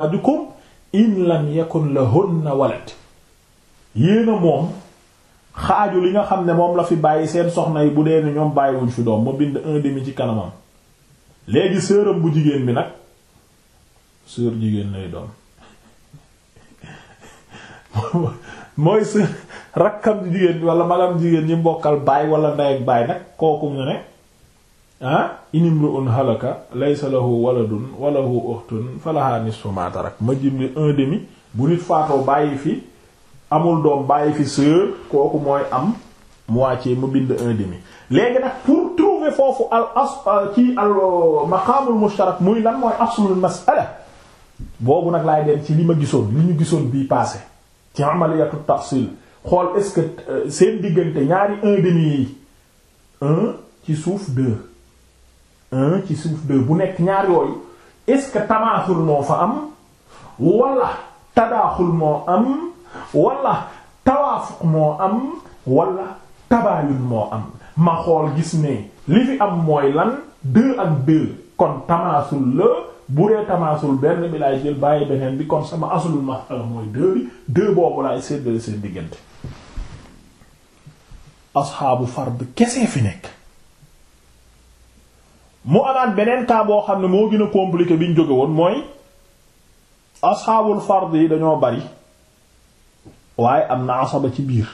ajukum in lam yakun lahunna walad yéena moom xaaju li nga xam ne moom la fi bàyyi seen soxna yi bu dee ne ñoom bàyyiwuñ fi doom ma bind un demi ci kanamam léegi sëram bu jigéen bi nag sër jigéen lay doom mooy sër rakkam jigéen bi wala magam jigéen ñi mbokkal baay wala ndey ak baay nag kooku ñu ne ah inimru'un halaka laysa lahu waladun walahu ukhtun falaha nisfu ma tarak ma jimli un bu nit faatoo bàyyi fi amul doom bàyyi fi sœur kooku mooy am moitié mu bind un demi léegi nag pour trouver foofu al as euh, ci al euh, maqaamul mushtarak muy lan mooy aslul mas'ala boobu nag laay dem ci li ma gisoon li ñu gisoon bii passé ci amaliyatu tahsil xool est-ce que euh, seen diggante ñaari un yi un ci suuf deux ci suuf deux bu nekk ñaar yooyu est-ce que tamaasul moo fa am wala tadaaxul moo am wala tawaafuq moo am wala tabaayun moo am ma xool gis ne li fi am mooy lan deux ak deux kon tamaasul la bu dee tamaasul benn bi laay jël bàyyi beneen bi kon sama aslul masala mooy deux bi deux boobu laay séddale seen diggante asxaabu fard kese fi nekk mu amaat beneen cas boo xam ne moo gën a compliqué bi ñu jóge woon mooy asxaabul fard yi dañoo bari waaye am na asaba ci biir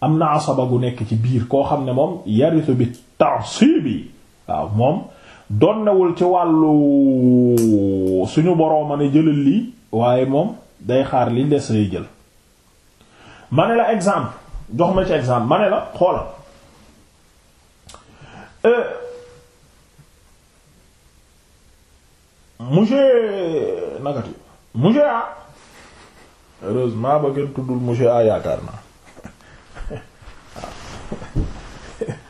am na asaba gu nekk ci biir koo xam ne moom yarisu bi bi waaw moom donnewul ci wàllu suñu borooma ne jëlal lii waaye moom day xaar liñ des say jël ma ne la exemple jox ma ci exemple ma ne la xoolal euh, monsieur nagati monsieur A heureusement ba ngeen tuddul monsieur A yaakaar naa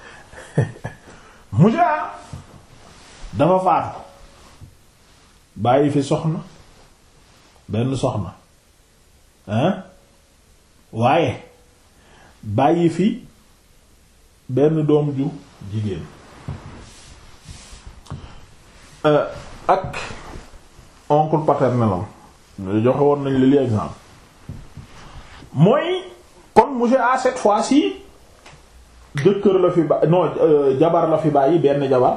monsieur A dafa faatu bàyyi fi soxna benn soxna hein waaye bàyyi fi benn doom ju jigéen euh, ak oncle paternel am woon nañ li li exemple mooy kon monsieur A cette fois-ci jëkkër la fi ba non euh, jabar la fi bàyyi benn jabar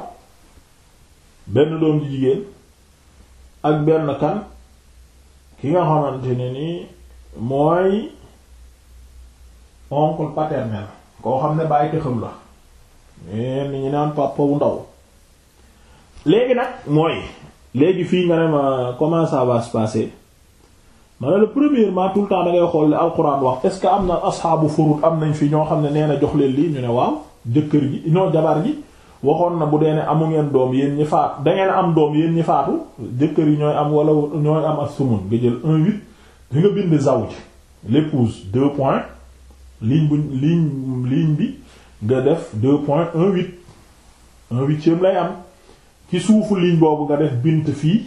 benn doom jigéen ak benn kan ki nga xamante ne ni mooy oncle paternel koo xam ne bàyyi xam la ñeen ñi naan papa wu ndaw léegi nag mooy léegi fii nga ne ma comment ça va ne la premièrement tout le temps da xool li alquran wax est-ce que am na asxaabu furud am nañ fii ñoo xam ne nee na jox leen li ñu ne waaw jëkkër ji ñoo jabar ji waxoon na bu dee ne amu ngeen doom yéen ñi faat dangeen am doom yéen ñi faatu jëkkër yi ñooy am wala ñooy am as-sumun nga jël un huit di nga bind zawj l'épouse deux points ligne bu ligne ligne bi nga def deux points un huit un huitième lay am. ci suufu ligne boobu nga def bint fii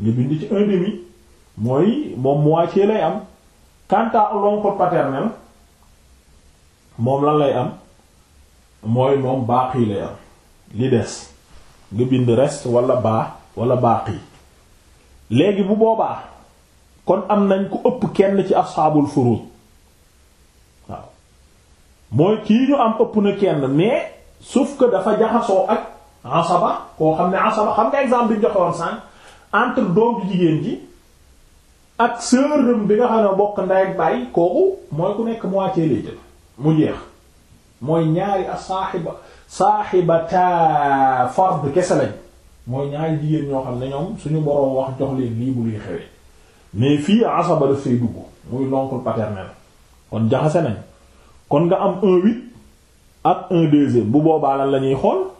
nga bind ci un mooy moom moitié lay am quant à paternel moom lan lay am mooy moom baaqi lay am li des nga bind reste wala baax wala baaqi léegi bu boobaa kon am nañ ku ëpp kenn ci asxaabul furud waaw mooy kii ñu am ëpp na kenn mais sauf que dafa jaxasoo ak asaba koo xam ne asaba xam nga exemple di ñu joxe woon sànq entre doom jigéen ji ak sœuram bi nga xam ne bokk ndey ak baay kooku mooy ku nekk moitié lay jël mu jeex mooy ñaari ak saaxiba saaxibata fard kese lañ mooy ñaari jigéen ñoo xam ne ñoom suñu boroom wax jox leen lii bu luy xewee mais fii asaba daf fay dugg muy l'oncle paternel kon jaxase nañ kon nga am un huit ak un deuxième bu boobaa lan la ñuy xool.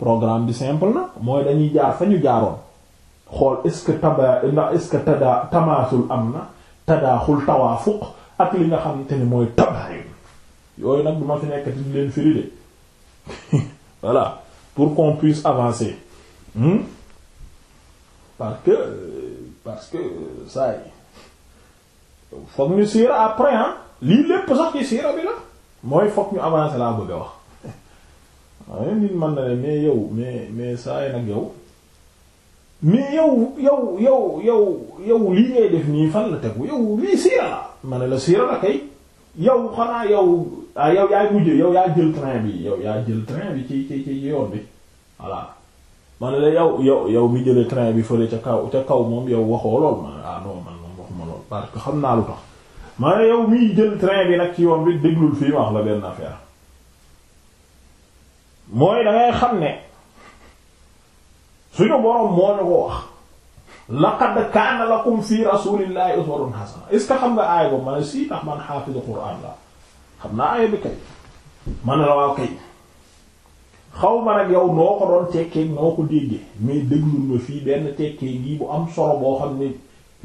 programme bi simple na mooy dañuy jaar fa ñu jaaroon xool est-ce que taba ndax est-ce que tadaa tamaasul am na tadaaxul tawaafuq ak li nga xamante ni mooy tabaayun yooyu nag duma fi nekk di leen firi de voilà pour qu'on puisse avancer hmm? parce que parce que ça y foog ñu siira après hein lii lépp sax ci siira bi la mooy foog ñu avancer laa bëgg wax waaye nit na ne mais yow mais mais saa yi nag yow mais yow yow yow yow lii ngay def nii fan la tegu yow lii siira la ma ne la siira la kay yow xanaa yow ah yow yaa mujj yow yaa jël train bi yow yaa jël train bi ci bi voilà ma ne la yow yow yow mi jëlee train bi fële ca kaw ca kaw moom yow waxoo lool ma ah non man waxuma lool parce que xam naa lu tax ma ne yow miy jël train bi nag ci yoon bi déglul fii wax la benn affaire. mooy da xam ne suñu boroom moo ñu ko wax laqad kaana lakum fi rasulillahi uswatun hasana est ce xam nga aaya boobu ma ne si tax man xaafisu quraan la xam naa aaya bi kay man la waa kay xaw ma nag yow noo ko doon tekkee noo ko déggee mais déglul ma fii benn tekkee ngii bu am solo boo xam ne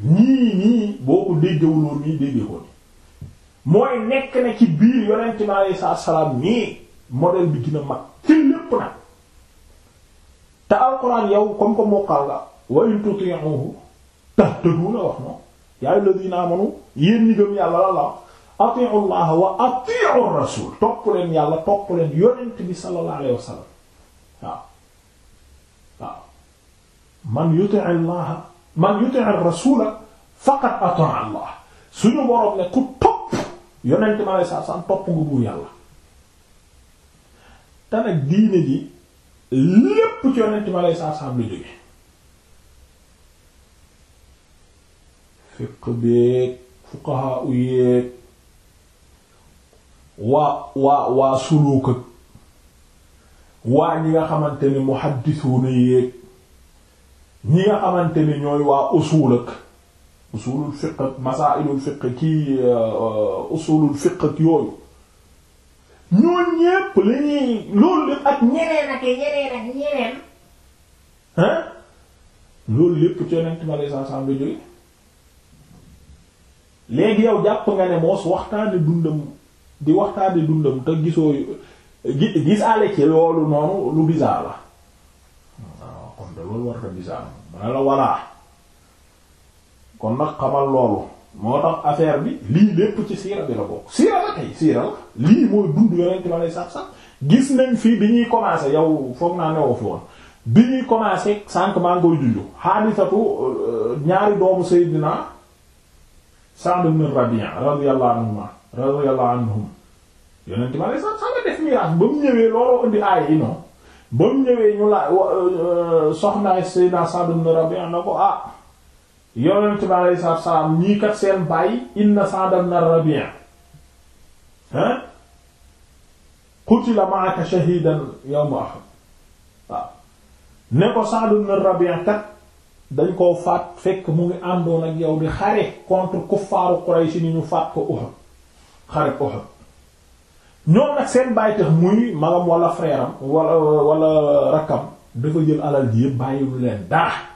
nii nii boo ko déggewuloon nii déggee ko mooy nekk na ci biir yonent bi alayhi salaam nii modèle bi gën mag lépp nag te alquran yow comme que mokkal la wa in tuti'uhu tahtadu la wax noonu yaa ayyuhalladhina amanu yéen ñi gëm yàlla la la ati'u allaha wa ati'u rasul topp leen yàlla topp leen yonent bi sallallahu alayhi wasallam waaw waaw man yuti' allaha man yuti' ar-rasula faqad ata'a allah suñu boroom ne ku topp yonent bi sallallahu alayhi wasallam topp nga bu yàlla te nag diine ji lépp ci yonent ma lay saab-saab lu jóge fiq beeg fuqaha u yeeg waa waa waa suluuk ak waa ñi nga xamante ni muhaddisuuna yéeg ñi nga xamante ni ñooy waa usuul ak usuulul fiq ak masailul fiq kii euh, euh, usuulul fiq ak yooyu ñooñu ñépp li ñuy loolu lépp ak ñeneen ak ñeneen ak ñeneen hein loolu lépp ci yonent ma lay sànq sànq jóge léegi yow jàpp nga ne moos waxtaane dundam di waxtaane dundam te gisoo gi gisaale ci loolu noonu lu bizarre la waaw kon de loolu war na bizarre ma ne la walla kon nag xamal loolu. moo tax affaire bi lii lépp ci siira bi la bokk siira la tey siira la lii mooy dund yonent ma lay sax sax gis nañ fii bi ñuy commencé yow foog naa newoo fi bi ñuy commencé sànq maa ngi koy junj xaadisatu euh, ñaari doomu Seydina Sa'd ibn def miraas ba mu ñëwee looloo indi aay yi ba mu ñëwee ñu la euh, euh, soxnaay Seydina Sa'd ibn Rabi'a na ko ah. yonent bi alayhi salaatu salaam ñii kat seen bàyyi inna Sa'd ibn Rabi' ah qutila ma'aka shahidan yawma Uhud waaw ne ko Sa'd ibn Rabi' kat dañ koo faat fekk mu ngi àndoon ak yow di xare contre kuffaaru Quraysh ni ñu faat ko Uhud xare Uhud ñoom nag seen bàyyi tax muy magam wala frère am wala rakkam dafa jël alal ji yëpp bàyyiwul leen dara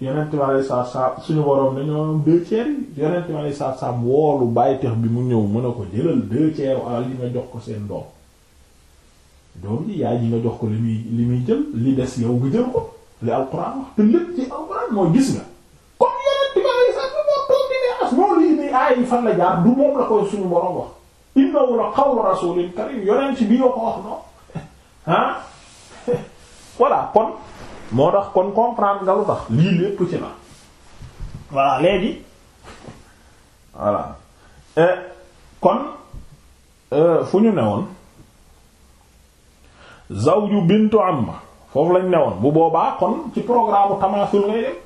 yonent mi alayhi salaatu salaam suñu boroom ne ñoo yi yonent mi alayhi salaatu woolu bàyyi tex bi mu ñëw mën a ko jëlal deux tiers alal nga jox ko seen doom doom ji yaay ji nga jox ko li muy li muy jël li des yow nga jël ko li alxuraan wax te lépp ci alxuraan mooy gis nga comme yonent mi alayhi salaatu salaam moo nii aay yi moom la koy suñu boroom wax innahu la qawlu rasuulin karim yonent bi yoo ko wax noonu ah voilà kon moo tax kon comprendre nga lu tax lii lépp ci la voilà léegi voilà euh, kon euh, fu ñu newoon zawju bintu amma foofu lañ newoon bu boobaa kon ci programme tamaasul ngay def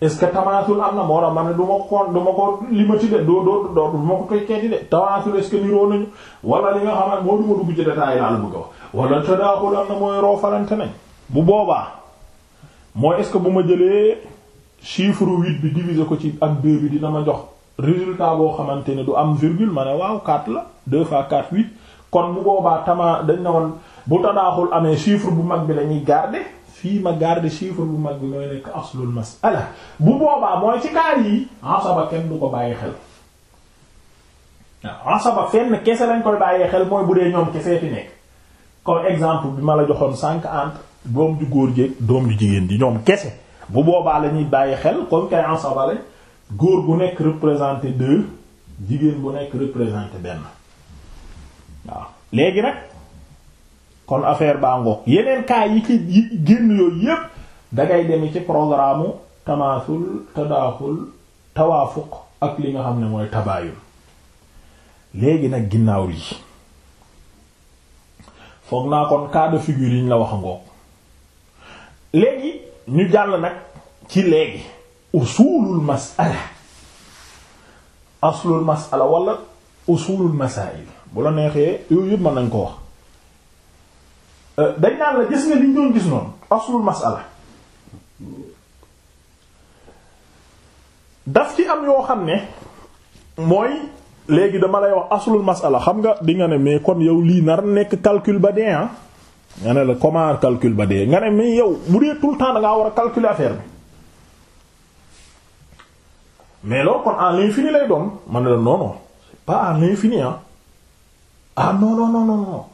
est-ce que tamaasul am na moo tax man ne du ma ko du ma ko limati de doo doo doo du ma ko koy keeti de tamaasul est niroo nañu wala li nga xam ne moo du ma dugg ci détail laa la bëgg a wax wala tadaaxul am na mooy roo farante nañ bu boobaa mooy est-ce que bu ma jëlee chiffre huit bi diviser ko ci ak deux bi dina ma jox résultat boo xamante ne du am virgule ma ne waaw quatre la deux fois quatre huit kon bu boobaa tamaa dañ ne woon bu tadaaxul amee chiffre bu mag bi la ñuy garder fii ma garder chiffre bu mag bi mooy nekk aslul mas'ala bu boobaa mooy ci kaar yi asaba kenn du ko bàyyi xel waaw asaba fenn kese lañ koy bàyyee xel mooy bu dee ñoom kesee fi nekk comme exemple bi ma la joxoon cinq entre doom ju góor jeeg doom ju jigéen ji ñoom kese bu boobaa la ñuy bàyyi xel comme kay ansabale góor bu nekk représenté deux jigéen bu nekk représenté benn waaw léegi nag kon affaire baa ngoog yeneen cas yi ci yi génn yooyu yépp dangay dem ci programme u tamaasul tadaaxul tawaafuq ak li nga xam ne mooy tabaayul léegi nag ginnaaw lii foog naa kon cas de yi ñu la wax ngoog léegi ñu jàll nag ci léegi usulul masala aslul masala walla usulul masail bu la neexee yooyu yëpp mën nañ ko wax euh, dañ naan la gis nga liñ doon gis noonu aslul masala daf ci am yoo xam ne mooy léegi dama lay wax aslul masala xam nga di nga ne mais kon yow lii nar nekk calcul ba dee nga ne la comment calcul ba dee nga ne mais yow bu dee tout temps da war a calculer affaire bi mais loolu kon à l'infini lay doon man ne la non non c'est pas à ah ah non non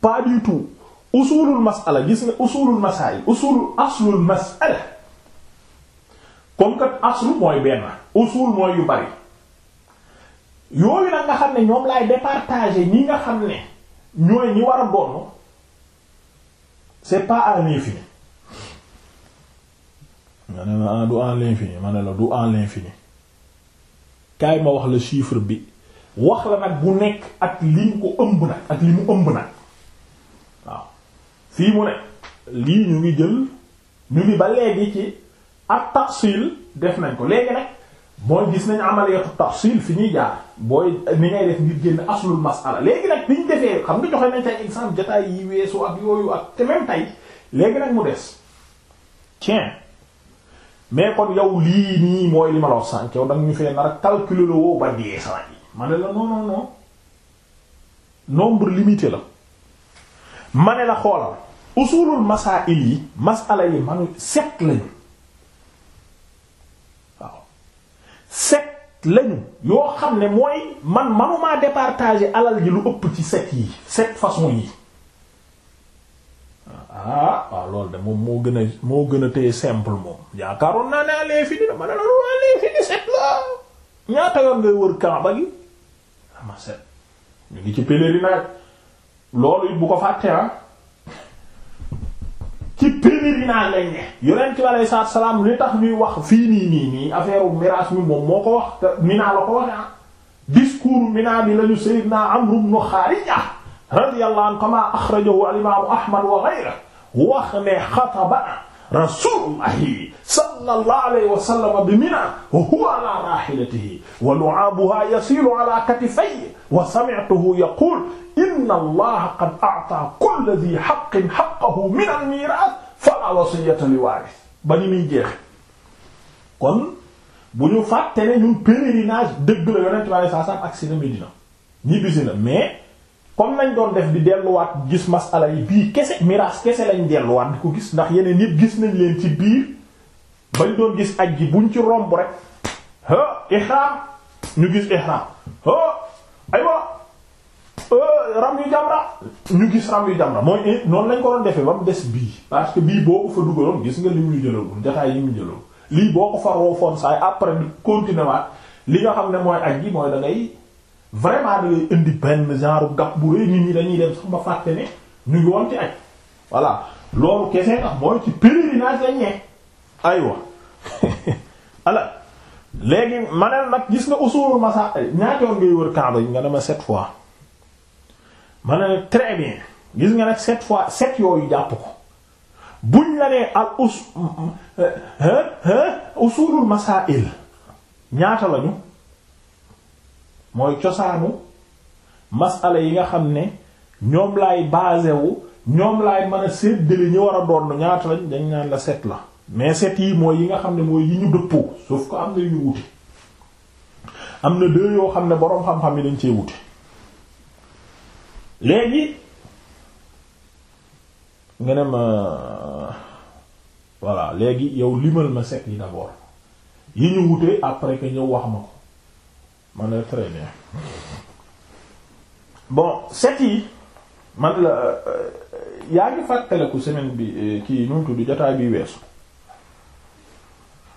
pas du tout usulul mas'ala gis nga usulul masail usulul aslul mas'ala comme kat aslu mooy benn usul mooy yu bari yooyu nag nga xam ne ñoom laay départager ñi nga xam ne ñooy ñi war a doon. c'est pas à l'infini nga ne ma du à l'infini ma ne kaay ma wax la chiffre bi wax la nag bu nekk ak li mu ko ëmb nag ak li mu ëmb nag waaw fii mu ne lii ñu ngi jël ñu ngi ba léegi ci at tafsil def nañ ko léegi nag mooy gis nañu amaliyatu tafsil fi ñuy jaar booy ni ngay def ngir génn aslul masala léegi nag bi ñu defee xam nga joxe nañ tey exemple jotaay yi weesu ak yooyu ak te même tey léegi nag mu des tiens mais kon yow lii nii mooy li ma la wax sànq danga ñu fee na a calculer la woo ba dee saa yi ma la non non non nombre limité la ma ne la xoolal usulul masaa'il yi masala yi manu set lañu set lañu yoo xam ne mooy man manumaa départager alal ji lu ëpp ci set yi set façon yi ah waaw loolu de moom moo gën a moo gën a téye simple moom yaakaaroon naa ne alee fi di dama ne loolu alee set la ñaata ngay wër Kaaba gi ama ah, set ñu ngi ci pèlerinage loolu it bu ko fàtte ah pèlerinage lañ ne yonent bi alayhi salaatu salaam li tax ñuy wax fii nii nii nii affaire u miraas mi moom moo ko wax te Mina la ko waxe ah discours Mina bi lañu Sayyidina Amr ibn Kharija radiyallahu anhu kama akhrajahu al-imam Ahmad wa ghayruhu wax ne xataba rasulullahi sallallahu alayhi wa sallam bi Mina wa huwa ala rahilatihi wa lu'abuha yasilu ala katifayhi wa sami'tuhu yaqulu inna allaha qad a'ta kulla dhi haqqin haqqahu min al-mirath fala wasiyatan li waaris ba ni muy jeex kon bu ñu fàtte ne ñun pèlerinage dëgg la yonent bi saa saa agsi na Medina ñibbisi na mais comme nañ doon def bi delluwaat gis masala yi bii kese miraas kese lañ delluwaat di ko gis ndax yeneen yëpp gis nañ leen ci biir bañ doon gis aj ji buñ ci romb rek ha ihram ñu gis ihram ha aywa Euh, ram yu jamra ñu gis ram yu na mooy eh, noonu lañ ko doon defee ba mu des bii parce que bii boo ko fa dugaloon gis nga li mu jëloon jotaay yu mu jëloon lii boo ko fa roofoon saay après di li nga xam ne mooy aj gi mooy da ngay vraiment da ngay indi benn genre gàpp bu rëy nit ñi dañuy dem ba fàtte ne ñu woon voilà loolu kese nga mooy ci pèlerinage lañ ne aywa ala léegi ma ne nag gis nga usulul masa ñaata yoon ngay wër Kaaba nga ne ma sept fois. ma ne très bien gis nga nag sept fois sept yooyu jàpp ko buñ la nee al us euh, euh, euh, usulul masail ñaata lañu mooy cosaanu masala yi nga xam ne ñoom laay basé wu ñoom laay mën a séddale ñi war a doon ñaata lañ dañ naan la set la mais set yi mooy yi nga xam ne mooy yi ñu dëppoo sauf ko am na yu ñu wute am na deux yoo xam ne boroom xam-xam yi dañ cee wuti léegi nga ne ma voilà léegi yow limal ma set yi d'abord yi ñu wutee après que ñëw wax ma ko man la bon set yi man la euh, yaa ngi fàttaliku semaine bi euh, kii ñu tudd jotaay bi weesu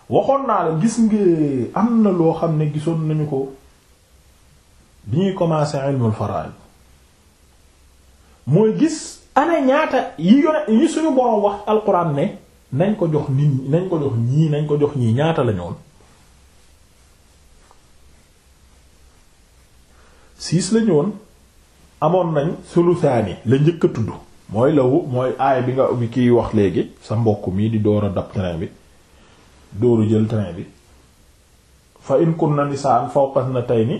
waxoon naa la gis nga am na loo xam ne gisoon nañu ko bi ñuy commencer ilmul faraid mooy gis ana ñaata yi yore yi suñu borom wax alquran ne nañ ko jox nit ñi nañ ko jox ñii nañ ko jox ñii ñaata lañoon siis la ñoon amoon nañ sulusaani la njëkk a tudd mooy lawu mooy aay bi nga bi kiy wax léegi sa mbokk mii di door a dab train bi dooru jël train bi fa in kunna nisaan fawqasnatayni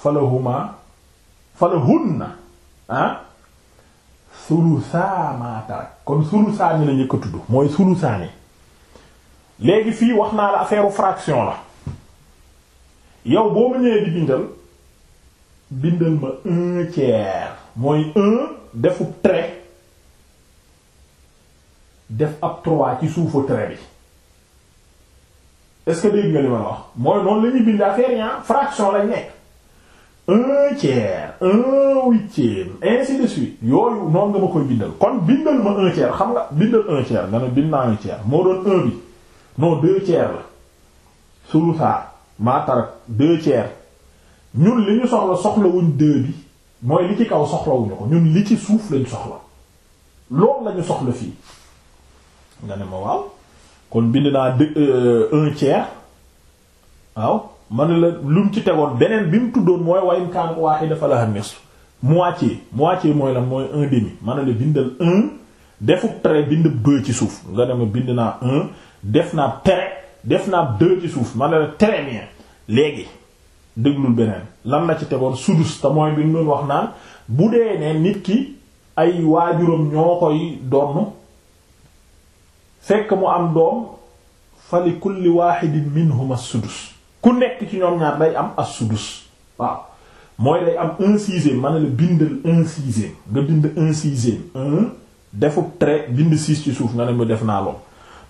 falahuma falahunna ah sulusaa maa tarak kon sulusaa ni la njëkk tudd mooy sulusaa ni léegi fii wax naa la affaire fraction la yow boo ma ñëwee di bindal bindal ma un tiers mooy un defu trait def ab trois ci suufu trait bi est-ce dégg nga li ma la wax mooy noonu la ñuy bind ah, fraction lañ nekk. un tiers un huitième ainsi de suite yooyu noonu nga ma koy bindal kon bindal ma un tiers xam nga bindal un tiers nga ne bind naa un tiers moo doon un bi ñun li ñu soxla soxlawuñ deux mooy li ci kaw soxlawuñu ko ñun li ci suuf lañ soxla loolu lañu soxla fii nga ne ma waaw kon bind naa deux euh, un tiers waaw man la lu mu ci tegoon beneen bi mu tuddoon mooy wayum kaanat waahida falahaa nisf moitié moitié mooy la mooy un demi man la bindal un defub trait bind deux ci suuf nga dem bind naa un def naa trait def naa deux ci suuf man la très léegi déglul beneen lan la ci tegoon sudus te mooy bi mu doon wax naa bu dee ne nit ki ay waajuram ñoo koy donn fekk mu am doom fa li kulli waahidin minhuma sudus ku nekk ci ñoom ñaar day am as-sudus waaw mooy day am un sixième ma ne la bindal un sixième nga bind un sixième un defub trait bind six ci suuf nga ne mu def naa lool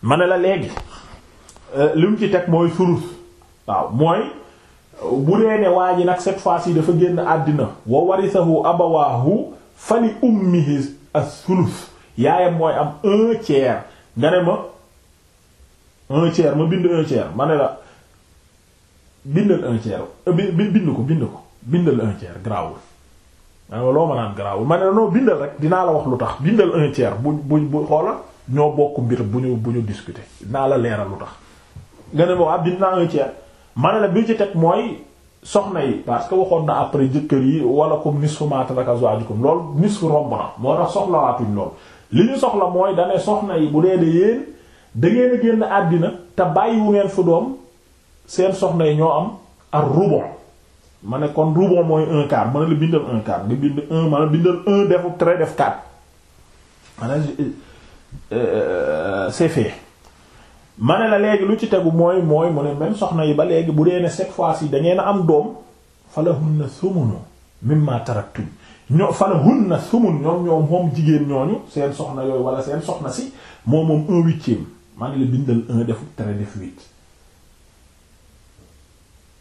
ma ne la léegi euh, li mu ci teg mooy surus waaw mooy bu dee ne waa ji nag cette fois yi dafa génn àddina wa warisahu abawaahu fali ummihi as-sulus yaayam mooy am un tiers nga ne ma un tiers ma bind un tiers ma ne la bindal un tiers euh, bind ko bind ko bindal un tiers grawul ma ah, ne loo ma naan grawul ma ne noo bindal rek dinaa la wax lu tax bindal un tiers bu bu bu xoola ñoo bokk mbir bu ñu bu ñu discuter dinaa la leeral lu tax nga ne ma waa bind naa un tiers ma ne la bi ci teg mooy soxna yi parce que waxoon na après jëkkër yi wala comme nisfu ma taraka zawjukum loolu nisfu romb na moo tax soxlawaatuñ lool li ñu soxla mooy dane soxna yi bu dee de yéen da ngeen a génn àddina te bàyyiwu ngeen fu doom seen soxna yi ñoo am ar rubu ma ne kon rubu mooy un quart ma ne la bindal un quart nga bind un ma ne bindal un def def quatre ma ne euh, euh, c'est fait ma la léegi lu ci tegu mooy mooy mu ne même soxna yi ba léegi bu dee ne cette fois-ci da ngeen am doom falahunna sumunu mimma taraktum ñoo na sumun ñoom ñoom moom jigéen ñooñu seen soxna yooyu wala seen soxna si moom moom un huitième ma ne la bindal un def trait def huit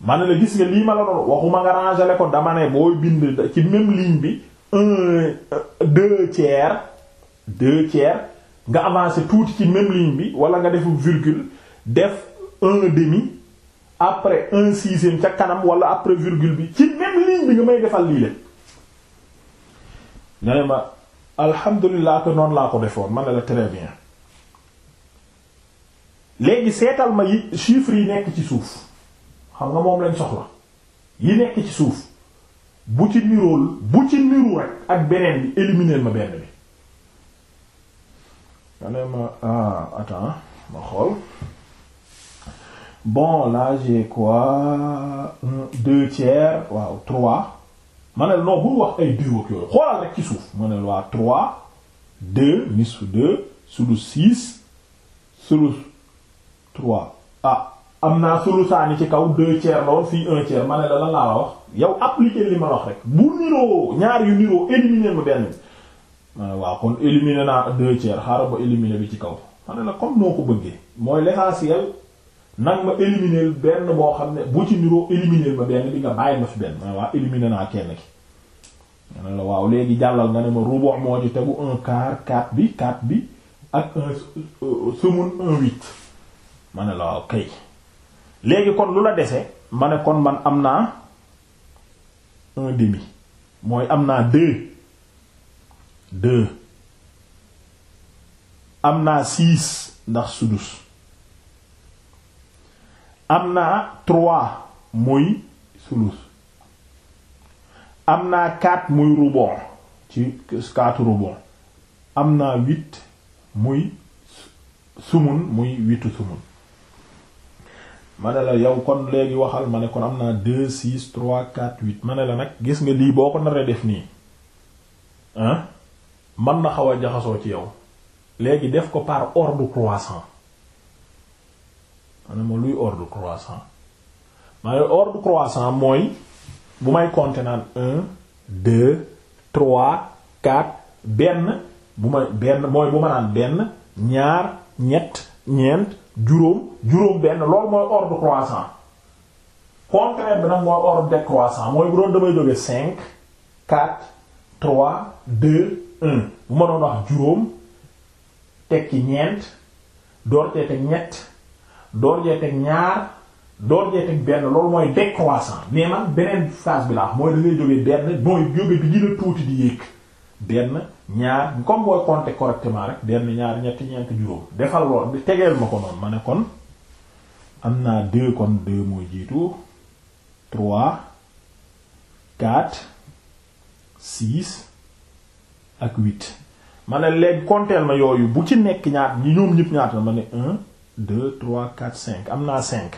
ma ne la gis nga lii ma la doon waxuma nga rangale ko dama ne booy bind ci même ligne bi un euh, deux tiers deux tiers nga avancé tuuti ci même ligne bi wala nga defu virgule def un demi après un sixième ca kanam wala après virgule bi ci même ligne bi nga may defal lii lépp nga ne ma alhamdulilah que noonu laa ko defoon ma ne la très bien léegi seetal ma yi chiffres yi nekk ci suuf xam nga moom lañ soxla yi nekk ci suuf bu ci nirool bu ci niru rek ak beneen bi éliminer ma benn bi nga ne ma ah ma xool bon là j'ai quoi un deux tiers waaw trois ma ne bul wax ay diw ak yooyu xoolal rek ci suuf ma ne trois deux mis deux sulus six sulus trois ah am naa sulusaani ci kaw deux tiers lool fii un tiers ma ne la lan laa wax yow appliquer li ma wax rek bu niroo ñaar yu niroo éliminer ma benn bi ma ne waaw kon éliminer ci kaw ma ne la comme ko bëggee mooy benn boo xam ne bu ci niroo éliminer ma benn bi nga bàyyi ma fi benn ma waaw la waaw léegi jàllal nga ne ma rubu' moo ci tegu un quart quatre bi quatre bi ak un euh, euh, semun un huit ma la waaw kay léegi kon lu la dese ma ne kon man am naa un demi mooy am naa deux deux am naa six ndax sudus am naa trois muy sulus am naa quatre muy rubon ci quatre rubon am naa huit muy sumun muy huitu sumun ma ne la yow kon léegi waxal ma ne kon am naa deux six trois quatre huit ma la nag gis nga lii boo ko naree def nii ah man na xaw a jaxasoo ci yow léegi def ko par ordu croissant ma luy ordre croissant ma ne ordre croissant mooy bu may compter naan un deux trois quatre benn bu may benn mooy bu ma naan benn ñaar ñett ñeent juróom juróom benn loolu mooy ordre croissant contraire bi nag mooy ordre décroissant mooy bu doon damay jógee cinq quatre trois deux un bu ma doon wax juróom tekki ñeent door cee teg ñett door cee teg ñaar door cee teg benn loolu mooy décroissant mais man beneen phase bi laa mooy da ngay benn mooy jóge bi gën tuuti di yéeg benn ñaar comme booy compter correctement rek benn ñaar ñetti ñeent juróom defal lool tegeel ma ko noonu ma ne kon am naa deux kon deux mooy jiitu trois quatre six ak huit ma ne léegi compter ma yooyu bu ci nekk ñaar ñi ñoom ñëpp ñaata ma ne un deux trois quatre cinq am naa cinq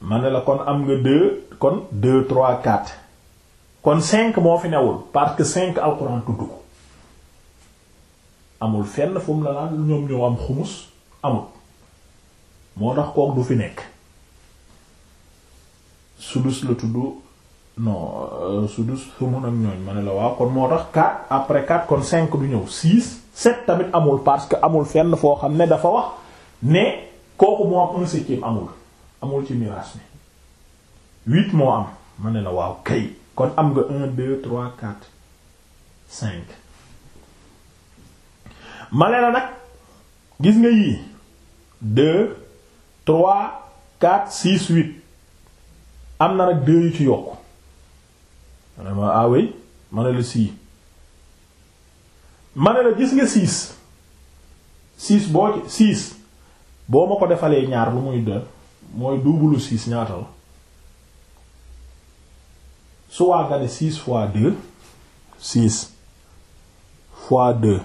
ma ne la kon am nga deux kon deux trois quatre kon cinq moo fi newul parce que cinq alxuraan tudd ko amul fenn fu la naan ñoom ñoo am xumus amul moo tax kook du fi nekk sudus la tudd non su euh, sumun ak ñooñ ma ne la waaw kon moo tax quatre après quatre kon cinq du ñëw six sept tamit amul parce que amul fenn foo xam ne dafa wax ne kooku moo am un septième amul amul ci miraas mi huit moo am ma ne la waaw kay kon am nga un deux trois quatre cinq ma la nag gis nga yii deux trois quatre six huit am na nag deux yu ci yokk ma ne awey ma ah la sii ma la gis nga six six boo ci boo ma ko defalee ñaar lu muy de mooy double six ñaata la su waa nga ne six fois deux six fois deux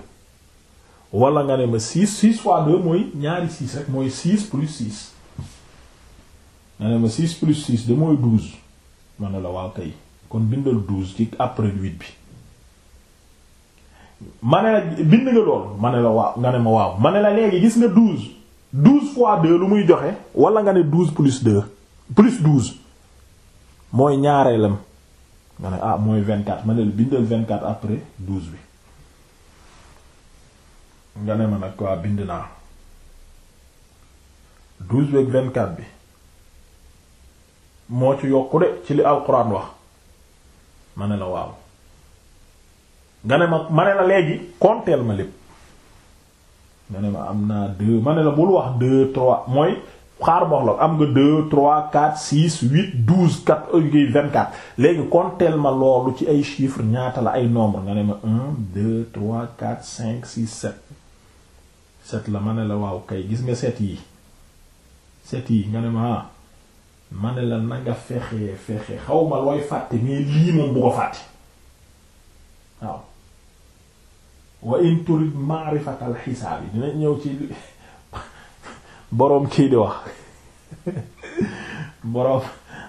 walla nga ne ma six six fois deux mooy ñaari six rek mooy six plus six nga ne ma six plus six de mooy douze ma ne la waaw kay kon bindal douze ci après huit bi ma ne la bind nga lool ma ne la waaw nga ne ma waaw ma ne la léegi gis nga douze douze fois deux lu muy joxe wala nga ne douze plus deux plus douze mooy ñaareelam nga ne ah mooy vingt-quatre ma ne la bindal vingt-quatre après douze bi nga ne ma nag waa bind naa douze bi ak vingt-quatre bi moo ci yokku de ci li alxuraan wax ma ne la waaw nga ne ma ma ne la léegi konteel ma lépp nga ne ma am naa deux ma ne la bul wax deux trois mooy xaar mox la am nga deux trois quatre six huit douze quatre heures vingt quatre léegi konteel ma loolu ci ay chifre ñaata la ay nombre nga ne ma un deux trois quatre cinq six sept sept la ma ne la waaw kay gis nga sept yi sept yi nga ne ma ah ma ne la na fexe fexe xaw ma looy fàtte mais lii moom bu ko fàtte waaw wa in turid xisaab yi dina ñëw ci boroom kii di wax boroom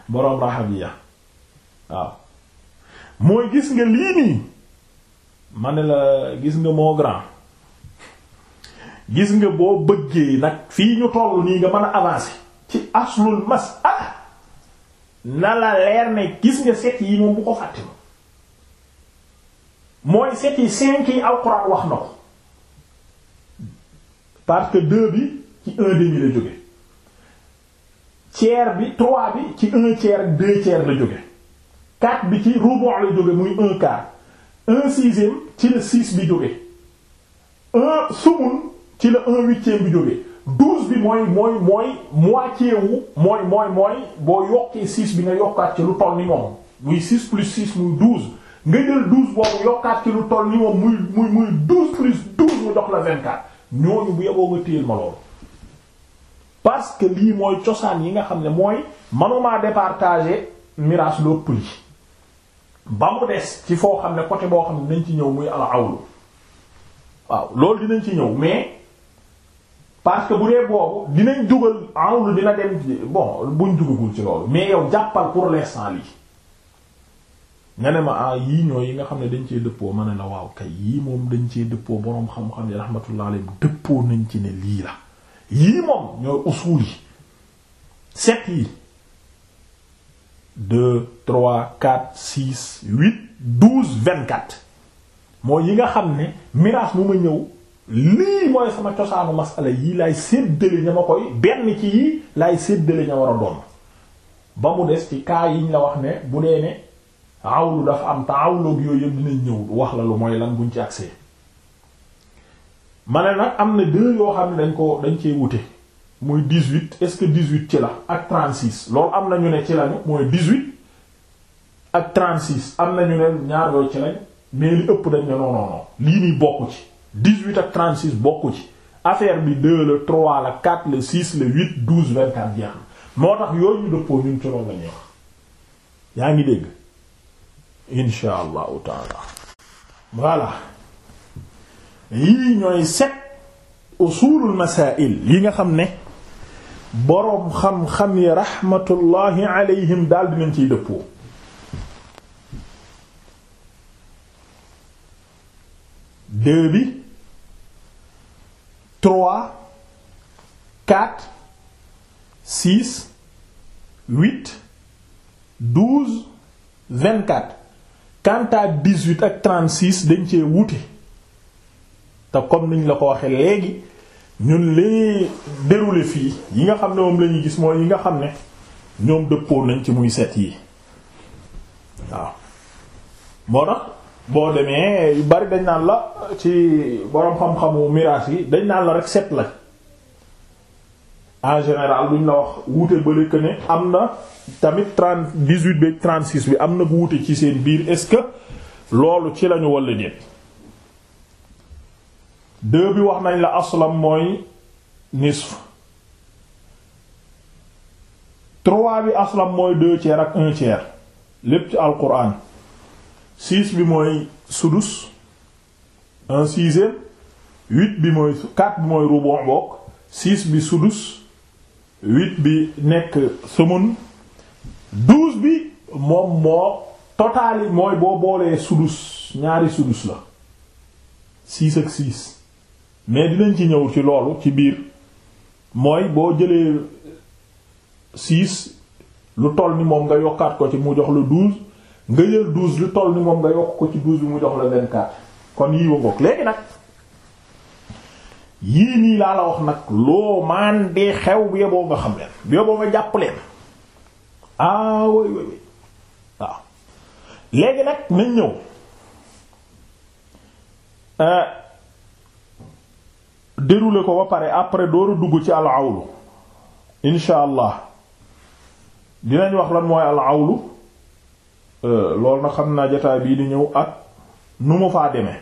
boroom raxabiya waaw mooy gis nga lii nii ma ne la gis nga moo grand gis nga boo bëggee nag fii ñu toll nii nga mën a avancer ci aslul mas'ala na la leer ne gis nga set yi moom bu ko fàtte ma mooy set yi cinq yi alxuraan wax na ko parce deux bi ci un demi la jóge tiers bi trois bi ci un tiers ak deux la jóge quatre bi ci rubu' la jóge muy un quart un sixième ci la six bi jóge un sumun ci la un huitième bi jóge douze bi mooy mooy mooy moitié wu mooy boo yokkee six bi nga yokkaat ci lu toll ni moom muy six plus six muy douze nga jël douze boobu yokkaat ci lu toll ni moom muy muy douze plus douze mu jox la vingt-quatre ñooñu bu yeboo nga téyel ma loolu parce que lii mooy cosaan yi nga xam ne mooy manumaa départager miraas loo pëli ba mu des ci foo xam ne côté boo xam ne dinañ ci ñëw muy ala awlu waaw loolu dinañ ci ñëw mais parce que bu dee boobu dinañ dugal awlu dina dem bon buñ dugagul ci loolu mais yow jàppal pour l'instant lii nga ne ma ah yii ñooy yi nga xam ne dañ cee dëppoo ma ne na waaw kay yii moom dañ cee dëppoo boroom xam-xam yi rahmatullah alayhi dëppoo nañ ci ne lii la yii moom ñooy usul yi set yi deux trois quatre six huit douze vingt-quatre mooy yi nga xam ne miraas mu ma ñëw lii mooy sama cosaanu masala yii laay séddale ña ma koy benn ci yii laay séddale ña war a doon ba mu des ci kaa yiñ la wax ne bu dee ne awlu dafa am te awloog yooyu yëpp dinañ ñëw wax la lu mooy lan buñ ci accès ma ne nag am na deux yoo xam ne dañ ko dañ cee wute muy dix-huit est-ce que dix-huit ci la ak trente-six loolu am na ñu ne ci lañu mooy dix-huit ak trente-six am na ñu ne ñaar yooyu ci lañ mais li ëpp dañ ne non non non lii nii bokku ci dix-huit ak trente bokku ci affaire bi deux le trois le quatre le six le huit douze vingt-quatre jeex na moo tax yooyu ñu dëppoo ñun ci loolu la wax yaa ngi dégg insha allahu taala voilà. yii ñooy set usulul masail yi nga xam ne boroom xam-xam yi raxmatullahi alayhim daal dinañ ciy dëppoo deux bi trois quatre six huit douze vingt-quatre quant à dix ak trente-six dañ cee wuute te comme niñ la ko waxee léegi ñun li ñuy fii yi nga xam ne moom lañuy gis mooy yi nga xam ne ñoom dëppoo nañ ci muy set yi waaw moo tax boo demee bari dañ naan la ci boroom xam-xamu miraas yi dañ naan la rek set la en général luñ la wax wuute bële que ne am na tamit trente dix-huit ba trente-six bi am na bu ci seen biir est-ce que loolu ci lañu walla déet deux bi wax nañ la aslam mooy nisf trois bi aslam mooy deux tiers ak un tiers lépp ci alquran six bi mooy sudus un sixième huit bi mooy quatre bi mooy rubu' bokk six bi sudus huit bi nekk sumun douze bi moom moo total mooy boo boolee sudus ñaari sudus la mais dinañ ci ñëw ci loolu ci biir mooy boo jëlee six lu toll ni moom nga yokkaat ko ci mu jox la douze nga jël douze lu toll ni moom nga yokk ko ci douze bi mu jox la vingt-quatre kon yii wangoog léegi nag yii nii laa la wax nag loo maan dee xew bu yeboo nga xam leen bi yeboo nga jàpp leen ah way way waaw léegi nag nañ ñëw euh, dérouler ko ba pare après dooru dugg ci alawlu incha allah dinañ wax lan mooy awlu euh, loolu na xam naa jotaay bii di ñëw ak nu mu faa demee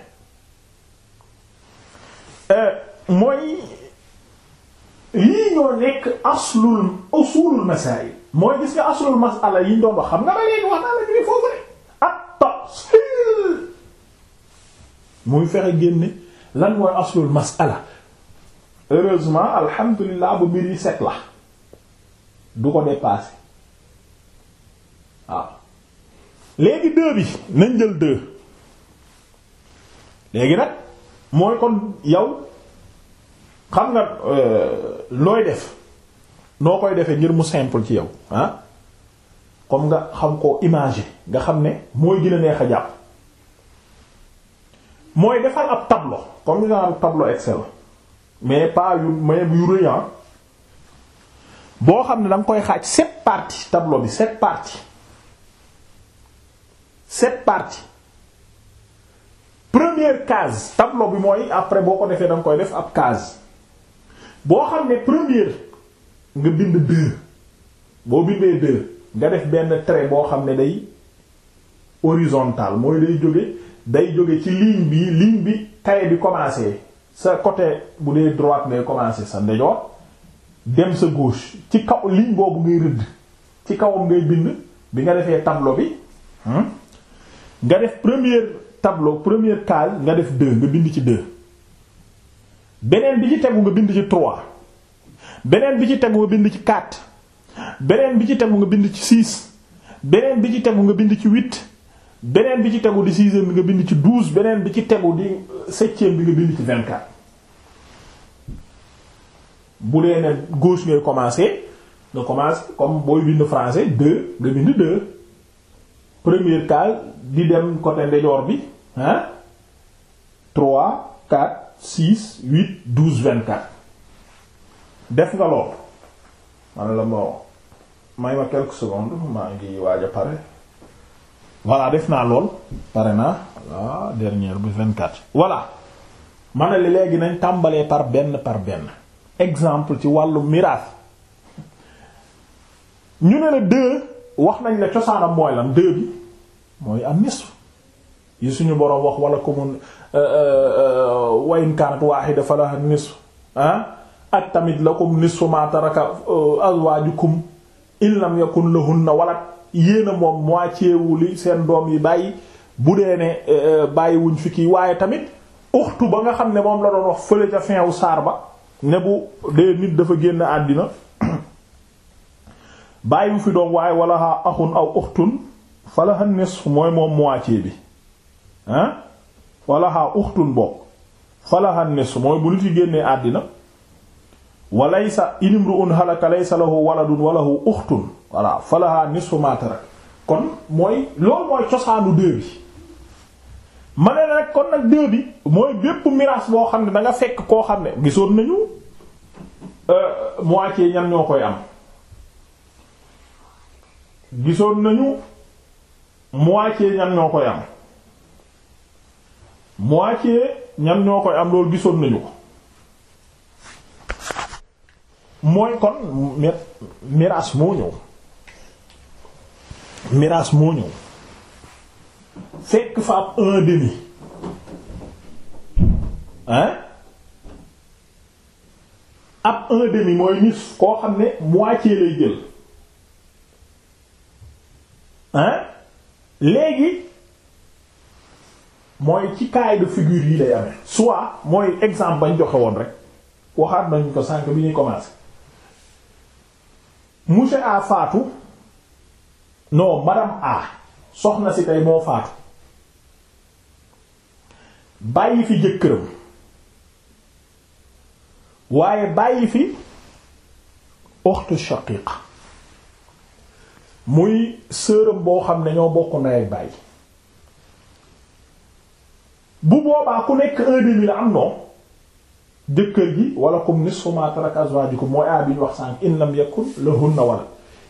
euh, mooy nekk aslul usulul masail mooy gis nga aslul masala yi ñu doon wax xam nga ba léegi wax naa la ñu foofu ne at tafsil muy fexe génne lan mooy aslul masala heureusement alhamdulilah ba mbir yi set la du ko dépasser waaw léegi deux bi nañ jël deux léegi nag mooy kon yow xam nga euh, looy def noo koy defee ngir mu simple ci yow ah comme nga xam ko image nga xam ne mooy gën a neex a jàpp mooy defal ab tableau comme nga am tableau Excel mais pas yu mais yu rëy boo xam ne da koy xaaj sept parties tableau bi sept parties sept parties première case tableau bi mooy après boo ko defee da koy def ab case boo xam ne première nga bind deux boo bindee deux nga def benn trait boo xam ne day horizontal mooy day jóge day jóge ci ligne bi ligne bi taille bi commencé sa côté bu dee droite ngay commencer sa ndejoor dem sa gauche ci kaw ligne boobu ngay rëdd ci kawam ngay bind bi nga defee tableau bi hmm? nga def première tableau première case nga def deux nga bind ci deux beneen bi ci tegu nga bind ci trois beneen bi ci tegu nga bind ci quatre beneen bi ci tegu nga bind ci six beneen bi ci tegu nga bind ci huit beneen bi ci tegu di sixième bi nga bind ci douze beneen bi ci tegu di septième bi nga bind ci vingt-quatre bu dee ne gauche ngay commencer nga commencer comme booy bind français deux nga bind deux première case di dem côté ndeyjoor bi ah trois quatre six huit douze vingt-quatre def nga lool man la moo may ma quelques secondes maa ngi waaj pare voilà def naa lool pare na ah dernière bi 24. voilà ma ne léegi nañ tàmbalee par benn par benn exemple ci wàllu miraas ñu ne la deux wax nañ la cosaanam mooy lan deux bi mooy am nisf yi suñu boroom wax wala ko mun euh, euh, euh, wa in kaanat waahida falaha nisf ah ak tamit lakum nisfu ma taraka azwaajukum in lam yakun lahunna walad yéen a moom moitié wu li seen doom yi bàyyi bu dee ne euh, bàyyi wuñ fi kii waaye tamit uxtu ba nga xam ne moom la doon wax fële ca fin wu saar ba ne bu dee nit dafa génn àddina bàyyi wu fi doom waaye wala ha axun aw uxtun falaha nisf mooy moom moitié bi ah wala ha uxtun bokk falaha nisf mooy bu nit yi génnee àddina walaysa inimru'un halaka laysa lahu waladun walahu uxtun voilà falaha nisfu ma tarak kon mooy loolu mooy cosaanu deux bi ma kon nag deux mooy bépp miraas boo xam ne da fekk koo xam ne gisoon nañu euh, moitié ñan ñoo koy am gisoon nañu moitié ñan ñoo koy am moitié ñoo koy am loolu gisoon nañu ko mooy kon miraas moo ñëw miraas moo ñëw fekk fa ab un demi hein ab un demi mooy nit koo xam ne moitié lay jël hein léegi mooy ci cas de figure yi lay amee soit mooy exemple bañ joxe woon rek waxaat nañ ko sànq bi ñuy commencer monsieur A faatu non madame A soxna si tey moo faatu bàyyi fi jëkkëram waaye bàyyi fi oxtu shaqiiq muy sëram boo xam ne ñoo bokk ndey ak bàyyi bu boobaa ku nekk un demi la am noonu jëkkër gi wala kum nisfu ma taraka azwaajukum mooy a bi ñu wax sànq in lam yakun lahunna walad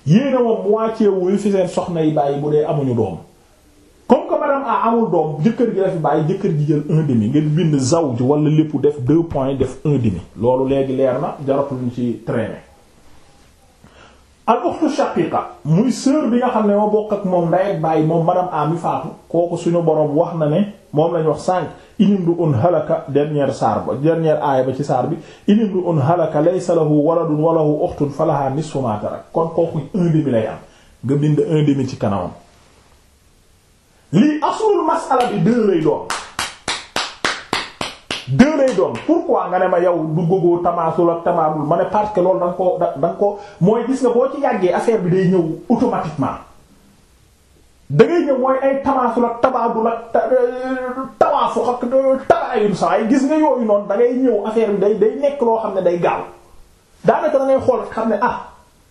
yéena moom moitié wuyu fi seen soxna yi bàyyi bu dee amuñu doom comme que madame a amul doom jëkkër ji dafi bàyyi jëkkër ji jël un demi ngeen bind zawj wala lépp def deux point def un demi loolu léegi leer na jaratuñ ci traîner al ukhtu shaqiqa muy sœur bi nga xam ne moo bokk ak moom ndey ak bàyyi moom madame a mi faatu kooku suñu borom wax na ne moom lañ wax sànq inimru un halaka dernière saar ba dernière aaya ba ci saar bi inimru un halaka laysa lahu waladun walahu ukhtun falaha nisfu ma tarak kon kooku un demi lay nga bind un ci kanamam lii aslul masala bi deux lay doon deux lay doon nga ne ma yow du gogoo tamaasul ak tamaamul ma ne parce que loolu da nga ko da ko mooy gis nga boo ci yàggee affaire bi day ñëw automatiquement da ngay ñëw mooy ay tamaasul ak tabaadul ak tawaafu la tabaayum saa yi gis nga yooyu noonu da ngay ñëw affaire bi day day nekk loo xam ne day gaaw daanaka da ngay xool xam ne ah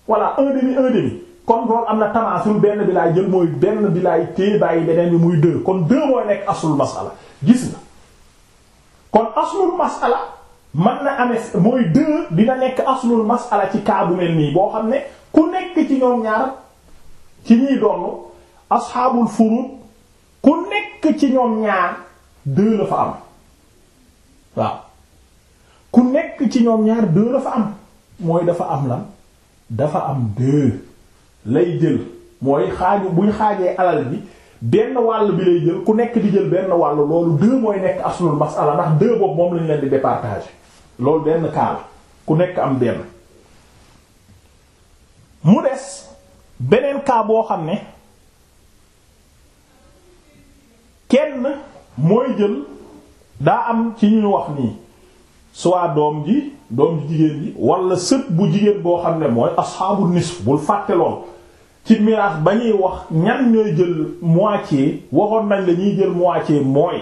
voilà un demi un demi comme loolu am na tamaasul benn bi laay jël mooy benn bi laay téye beneen bi muy deux kon deux mooy nekk aslul masala gis nga kon aslul masala man na amee mooy deux dina nekk aslul masala ci cas bu mel nii boo xam ne ku nekk ci ñoom ñaar ci ñiy asxaabul furud ku nekk ci ñoom ñaar deux la fa am waaw ku nekk ci ñoom ñaar deux la fa am mooy dafa am lan dafa am deux lay jël mooy xaaju buy xaajee alal bi benn wàll bi lay jël ku nekk di jël benn wàll loolu deux mooy nekk aslul masala ndax deux boobu moom lañ leen di départager loolu benn kaala ku nekk am benn mu des beneen cas boo xam ne kenn mooy jël daa am ci ñuy wax nii soit doom ji doom ji jigéen ji walla sët bu jigéen boo xam ne mooy asxaabu nisf bul fàtte lool ci miraas ba ñuy wax ñan ñooy jël moitié waxoon nañ la ñuy jël moitié mooy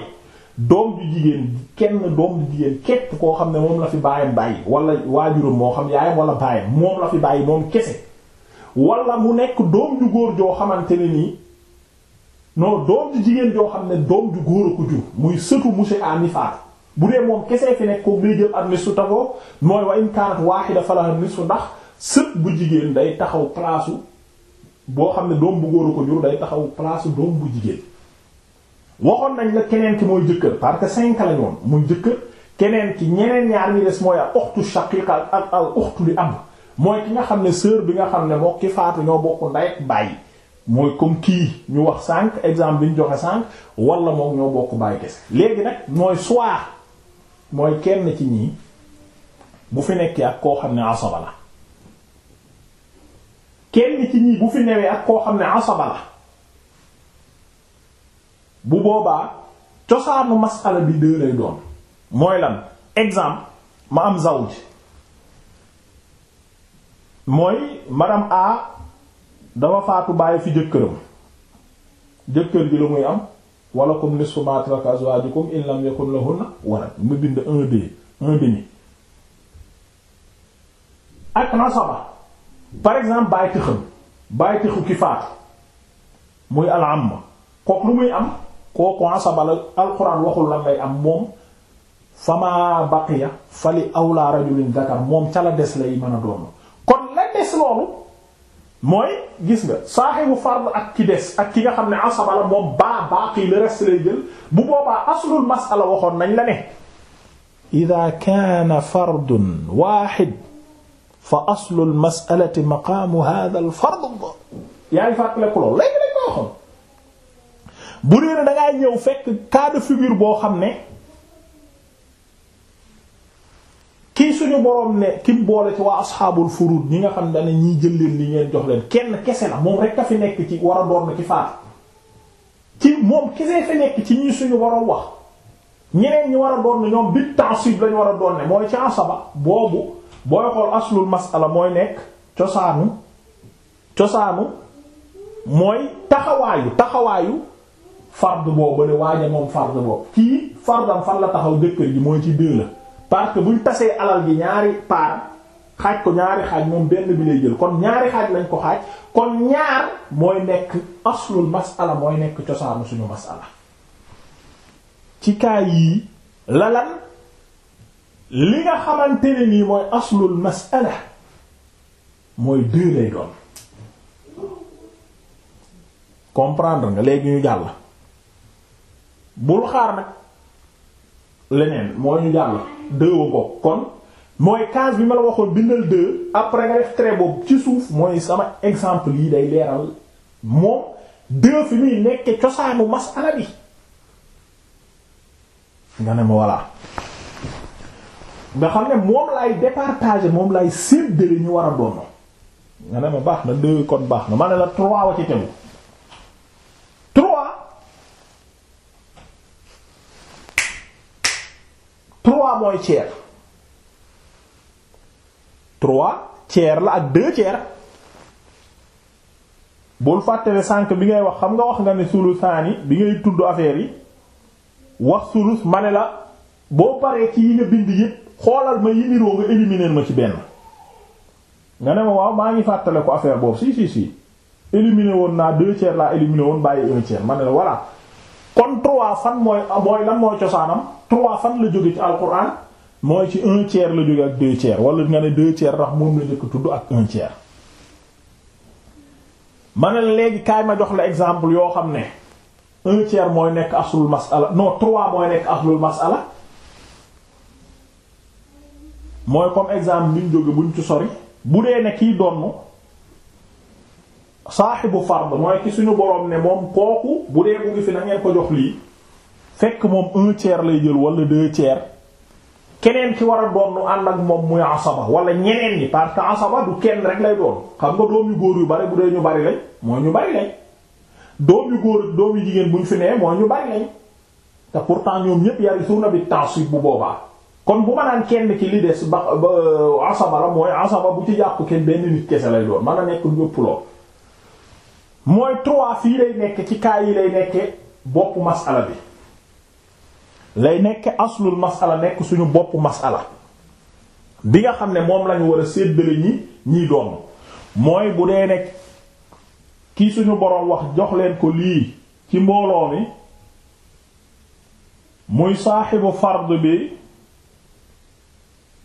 doom ju jigéen kenn doom ju jigéen képp koo xam ne moom la fi baayam bàyyi wala waajuram moo xam yaayam wala baayam moom la fi bàyyi moom kese wala mu nekk doom ju góor joo xamante ne nii non doom ji jigéen joo xam ne doom ju góor a ko jur muy sëtu monsieur faatu bu dee moom kesee fi nekk ko day jël am wa in kaanat waahida falaha ndax sët bu jigéen day taxaw place boo xam ne doom bu góor day taxaw place doom bu jigéen waxoon nañ la keneen ki mooy jëkkër parce que cinq la ñoon jëkkër keneen ki ñeneen ñaar ñi des mooy al uxtu shaqiqa ak al uxtu li am mooy ki nga xam ne sœur bi nga xam ne moo ki faatu ñoo bokk ndey ak mooy comme kii ñu wax sànq exemple bi ñu joxe sànq wala moom ñoo bokk bàyyi kese léegi nag mooy soit mooy kenn ci ñii bu fi nekkee ak koo xam ne asaba la kenn ci ñii bu fi newee ak koo xam ne asaba la bu boobaa cosaanu masala bi dee lay doon mooy lan exemple ma am zawj mooy madame A dafa faatu bàyyi fi jëkkëram jëkkër ji la muy am wala kum nisfu ma taraka azwajukum in lam yakun lahunna wala mu bind un deux ak nasaba par exemple bàyyi tëxam bàyyi tëxu ki faatu muy al'amma kooku lu muy am kooku nasaba la alxuraan waxul lan lay am moom fama baqiya fali awla rajulin zakar moom ca la des lay mën a doon kon la des loolu mooy gis nga saaxibu fard ak ki des ak ki nga xam ne asaba la moom baa baaqi le reste lay jël bu boobaa aslul masala waxoon nañ la ne ida kaana fardun waaxid fa aslul masalati maqaamu hada al fard yaa ngi fàttaliku loolu léegi lañ ko waxoon bu dee ne dangaa ñëw fekk cas de figure boo xam ne kii suñu borom ne kim boole ci waa asxaabul furud ñi nga xam dana ñiy jël leen li ngeen jox leen kenn kese la moom rek a fi nekk ci war a doon na ci faat ci moom kese fi nekk ci ñi suñu borom wax ñeneen ñi war a doon ne ñoom bi ta'sib lañu war a doon ne mooy ci boobu booy xool aslul masala mooy nekk cosaanu cosaanu mooy taxawaayu taxawaayu fard boobu ne waaja moom fard boobu kii fardam fan la taxaw jëkkër ji mooy ci biir la parce que buñ tasee alal gi ñaari paar xaaj ko ñaari xaaj moom benn bi lay jël kon ñaari xaaj lañ ko xaaj kon ñaar mooy nekk aslul masala mooy nekk cosaanu suñu masala ci kaay yii lalan li nga xamante ne nii mooy aslul masala mooy deux lay doon comprendre nga léegi ñu jàll bul xaar nag leneen mooy ñu jàll deux ko kon mooy case bi ma la waxoon bindal deux après nga def trait boobu ci suuf mooy sama exemple yi day leeral moom deux fi muy nekke cosaanu masala bi nga ne ma voilà nga xam ne moom lay départager moom lay séddale ñu war a doon nga ne ma baax na deux kon baax na ma la trois wa ci trois mooy tiers trois tiers la ak deux tiers bul fàttale sànq bi ngay wax xam nga wax nga ne sulusaani bi ngay tudd affaire yi wax sulus ma ne la boo paree ci yi nga bind yépp xoolal ma yi niroo nga éliminer ma ci benn nga ne ma waaw maa ngi fàttale ko affaire boobu si si si éliminer woon naa deux tiers laa éliminer woon bàyyi un ma ne la voilà kon trois fan mooy mooy lan mooy cosaanam trois fan la jóge ci alquran mooy ci un tiers la jóge ak deux tiers wala nga ne deux tiers ndax moom la njëkk tudd ak un tiers. ma ne la léegi kaay ma jox la exemple yoo xam ne un tiers mooy nekk aslul masala non trois mooy nekk aslul masala mooy comme exemple bi ñu jóge buñ ci sori bu dee ne kiy donn saaxibu fard mooy ci suñu borom ne moom kooku bu dee mu ngi fi na ko jox lii fekk moom un tiers lay jël walla deux tiers keneen ki war a doon ànd ak moom muy asaba wala ñeneen ñi parce que asaba du kenn rek lay doon xam nga doom yu góor yu bari bu dee ñu bari lañ mooy ñu bari lañ doom góor doom jigéen bu ñu fi nee mooy ñu bari lañ te pourtant ñoom ñépp yari na bi tansib bu boobaa kon bu ma naan kenn ki li des ba ba asaba la mooy asaba bu ci jàpp kenn benn lay doon mën a mooy trois fii lay nekk ci kaay yi lay nekke boppu masala bi lay nekk aslul masala nekk suñu boppu masala bi nga xam ne moom lañu war a séddale ñi ñiy doon mooy bu dee nekk kii suñu boroom wax jox leen ko lii ci mbooloo mi muy saaxibu fard bi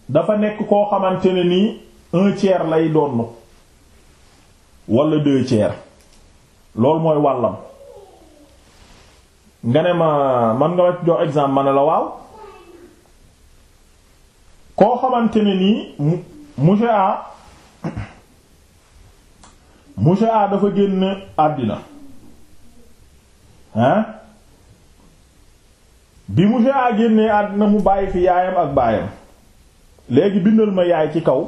dafa nekk koo xamante ne nii un tiers lay doon wala deux tiers loolu mooy wàllam nga ne ma man nga wacc jox exemple ma ne la waaw koo xamante ne nii mu A monsieur A dafa génn àddina hein bi monsieur A génnee àddina mu bàyyi fi yaayam ak baayam léegi bindal ma yaay ci kaw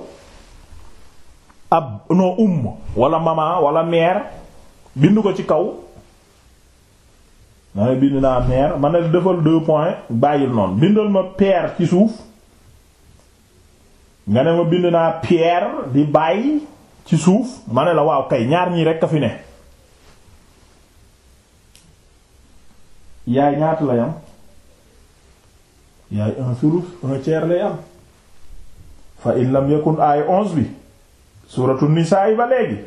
ab non umm walla mama wala mère bind ko ci kaw ma bind naa mère ma ne defal deux points bàyyil noonu bindal ma père ci suuf nga ne ma bind naa pierre di bàyyi ci suuf ma ne la waaw kay ñaar ñii rekk a fi ne yaay ñaata lay am yaay un sulus un tiers lay am fa in lam yakun ay onze bi suratu nisaa yi ba léegi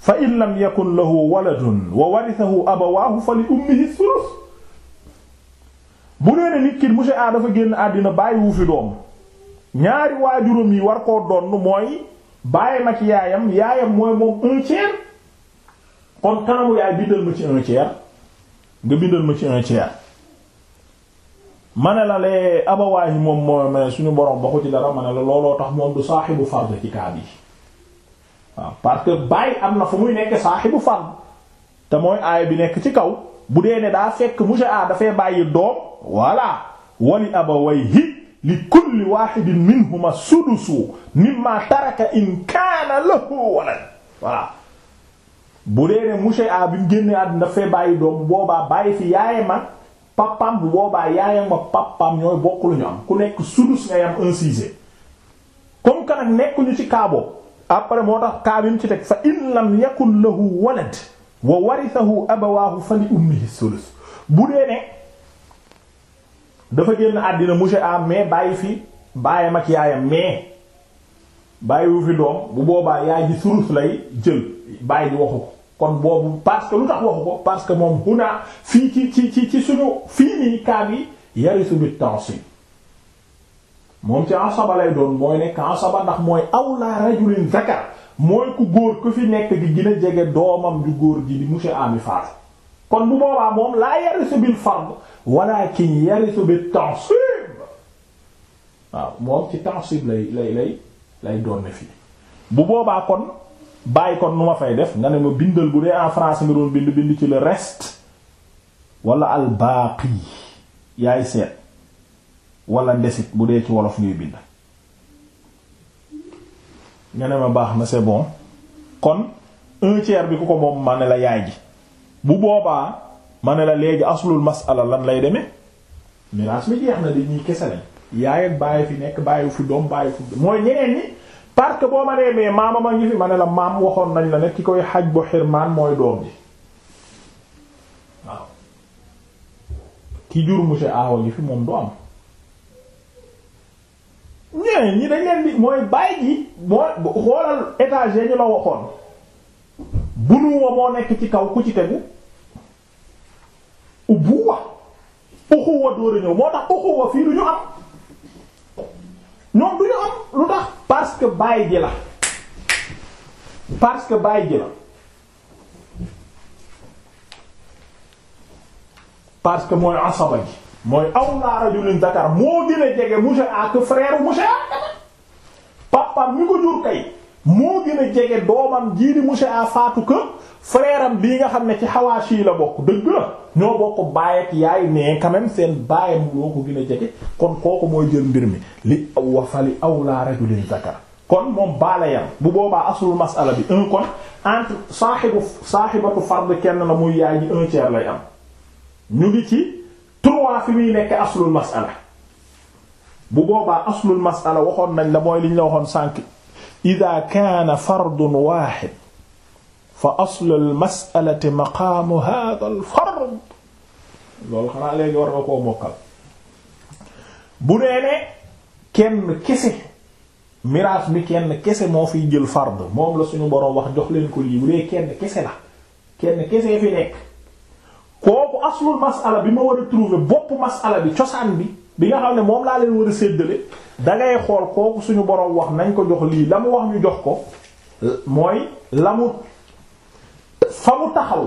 fa in lam yakun lahu waladun wa warithahu abawaahu fa li ummihi sulus bu nee ne nit ki monsieur A dafa génn àddina bàyyiwu fi doom ñaari waa waajuram yi war koo donn mooy bàyyam ak yaayam yaayam mooy moom un tiers kon kanamu yaay bindal ma ci un tiers nga bindal ma ci un tiers ma ne la lee abawaahi moom moo suñu borom ba ko ci dara ma ne la looloo tax moom du saaxibu fard ci kaab yi waaw parce que bàyyi am na fu muy nekk saaxibu fard te mooy aaya bi nekk ci kaw bu dee ne daa fekk monsieur a dafay bàyyi doom voilà wali abawayhi li kulli wahidin minhuma sudusu mimma taraka in kaana lahu walad bu dee ne monsieur bi mu génnee àddina dafay bàyyi doom bu boobaa bàyyi fi yaayam ak papam bu boobaa yaayam ak papam ñooy bokk lu ñu am ku nekk sudus ngay am un sixième comme que nekkuñu ci kaaboo après moo tax kaabim ci teg fa in lam yakun lahu walad wa warithahu abawaahu fa li ummihi sulus bu dee ne dafa génn àddina monsieur a mais bàyyi fi baayam ak yaayam mais bàyyiwu fi doom bu boobaa yaay ji sulus lay jël bàyyi ji waxu ko kon boobu parce que lu tax waxu ko parce que moom hunaa fii ci ci ci ci suñu fii nii kaab yi yarisu bi tansib moom ci asaba lay doon mooy nekk asaba ndax mooy awla rajulin zakar mooy ku góor ku fi nekk gi gën a jege doomam ju góor ji di monsieur ami faatu kon bu boobaa moom laa yarisu bil fard walakin yarisu bi ta'sib waaw moom ci ta'sib lay lay lay doon ne fii bu boobaa kon bàyyi kon nu ma fay def nga ne ma bindal bu dee en français nga doon bind bind ci le reste wala al yaay seet wala ndesit bu dee ci wolof ngay bind nga ne ma baax na se bon kon un bi ku ko moom ma ne la yaay ji bu boobaa ma ne la léegi aslul masala lan lay deme miraas mi jeex na di ñuy kese lañ yaay ak bàyyi fi nekk bàyyi fi doom bàyyi fi mooy ñeneen ñi parce que boo ma nee mais maama ma ngi fi ma ne la maam waxoon nañ la ne ki koy xaj bu xirmaan mooy doom ji waaw ki jur monsieur aawa gi fi moom du am ñee ñi dañ mooy bàyyi ji mooy xoolal étage ñu la waxoon bunu wa moo nekk ci kaw ku ci tegu ubbu wa uxuwa moo tax uxuwa fii du ñu am ñoom du ñu am lu tax parce que bàyyi ji la parce que bàyyi ji la parce que mooy asaba ji mooy awla rajulin zakar moo gën a jege monsieur A que frère monsieur A papa mi ko jur kay moo gën a jege doomam jii di A faatu que frère bii nga xam ne ci xawaasi la bokk dëgg la ñoo bokk baay ak yaay mais quand seen baayam moo ko gën a jege kon kooku mooy jël mbir mi li aw wafali awla rajulin zakar kon moom baala yam bu boobaa aslul masala bi un kon entre saaxibu saaxibatu fard kenn la muy yaay ji un tiers lay am ñu ngi ci. trois fi muy nekk aslul masala bu booba aslul masala waxoon nañ la mooy liñ la waxoon sànq ida kaana fardun waaxid fa aslul masalati maqaamu hada al fard loolu xanaa léegi bu nee ne kese miraas bi kenn kese moo fiy jël fard moom la suñu boroom wax jox leen lii bu dee kenn kese la kenn kese fi nekk kooku aslul masala bi ma war a trouver boppu masala bi cosaan bi bi nga xam ne moom laa leen war a séddale dangay xool kooku suñu boroom wax nañ ko jox lii la mu wax ñu jox ko mooy la mu fa mu taxaw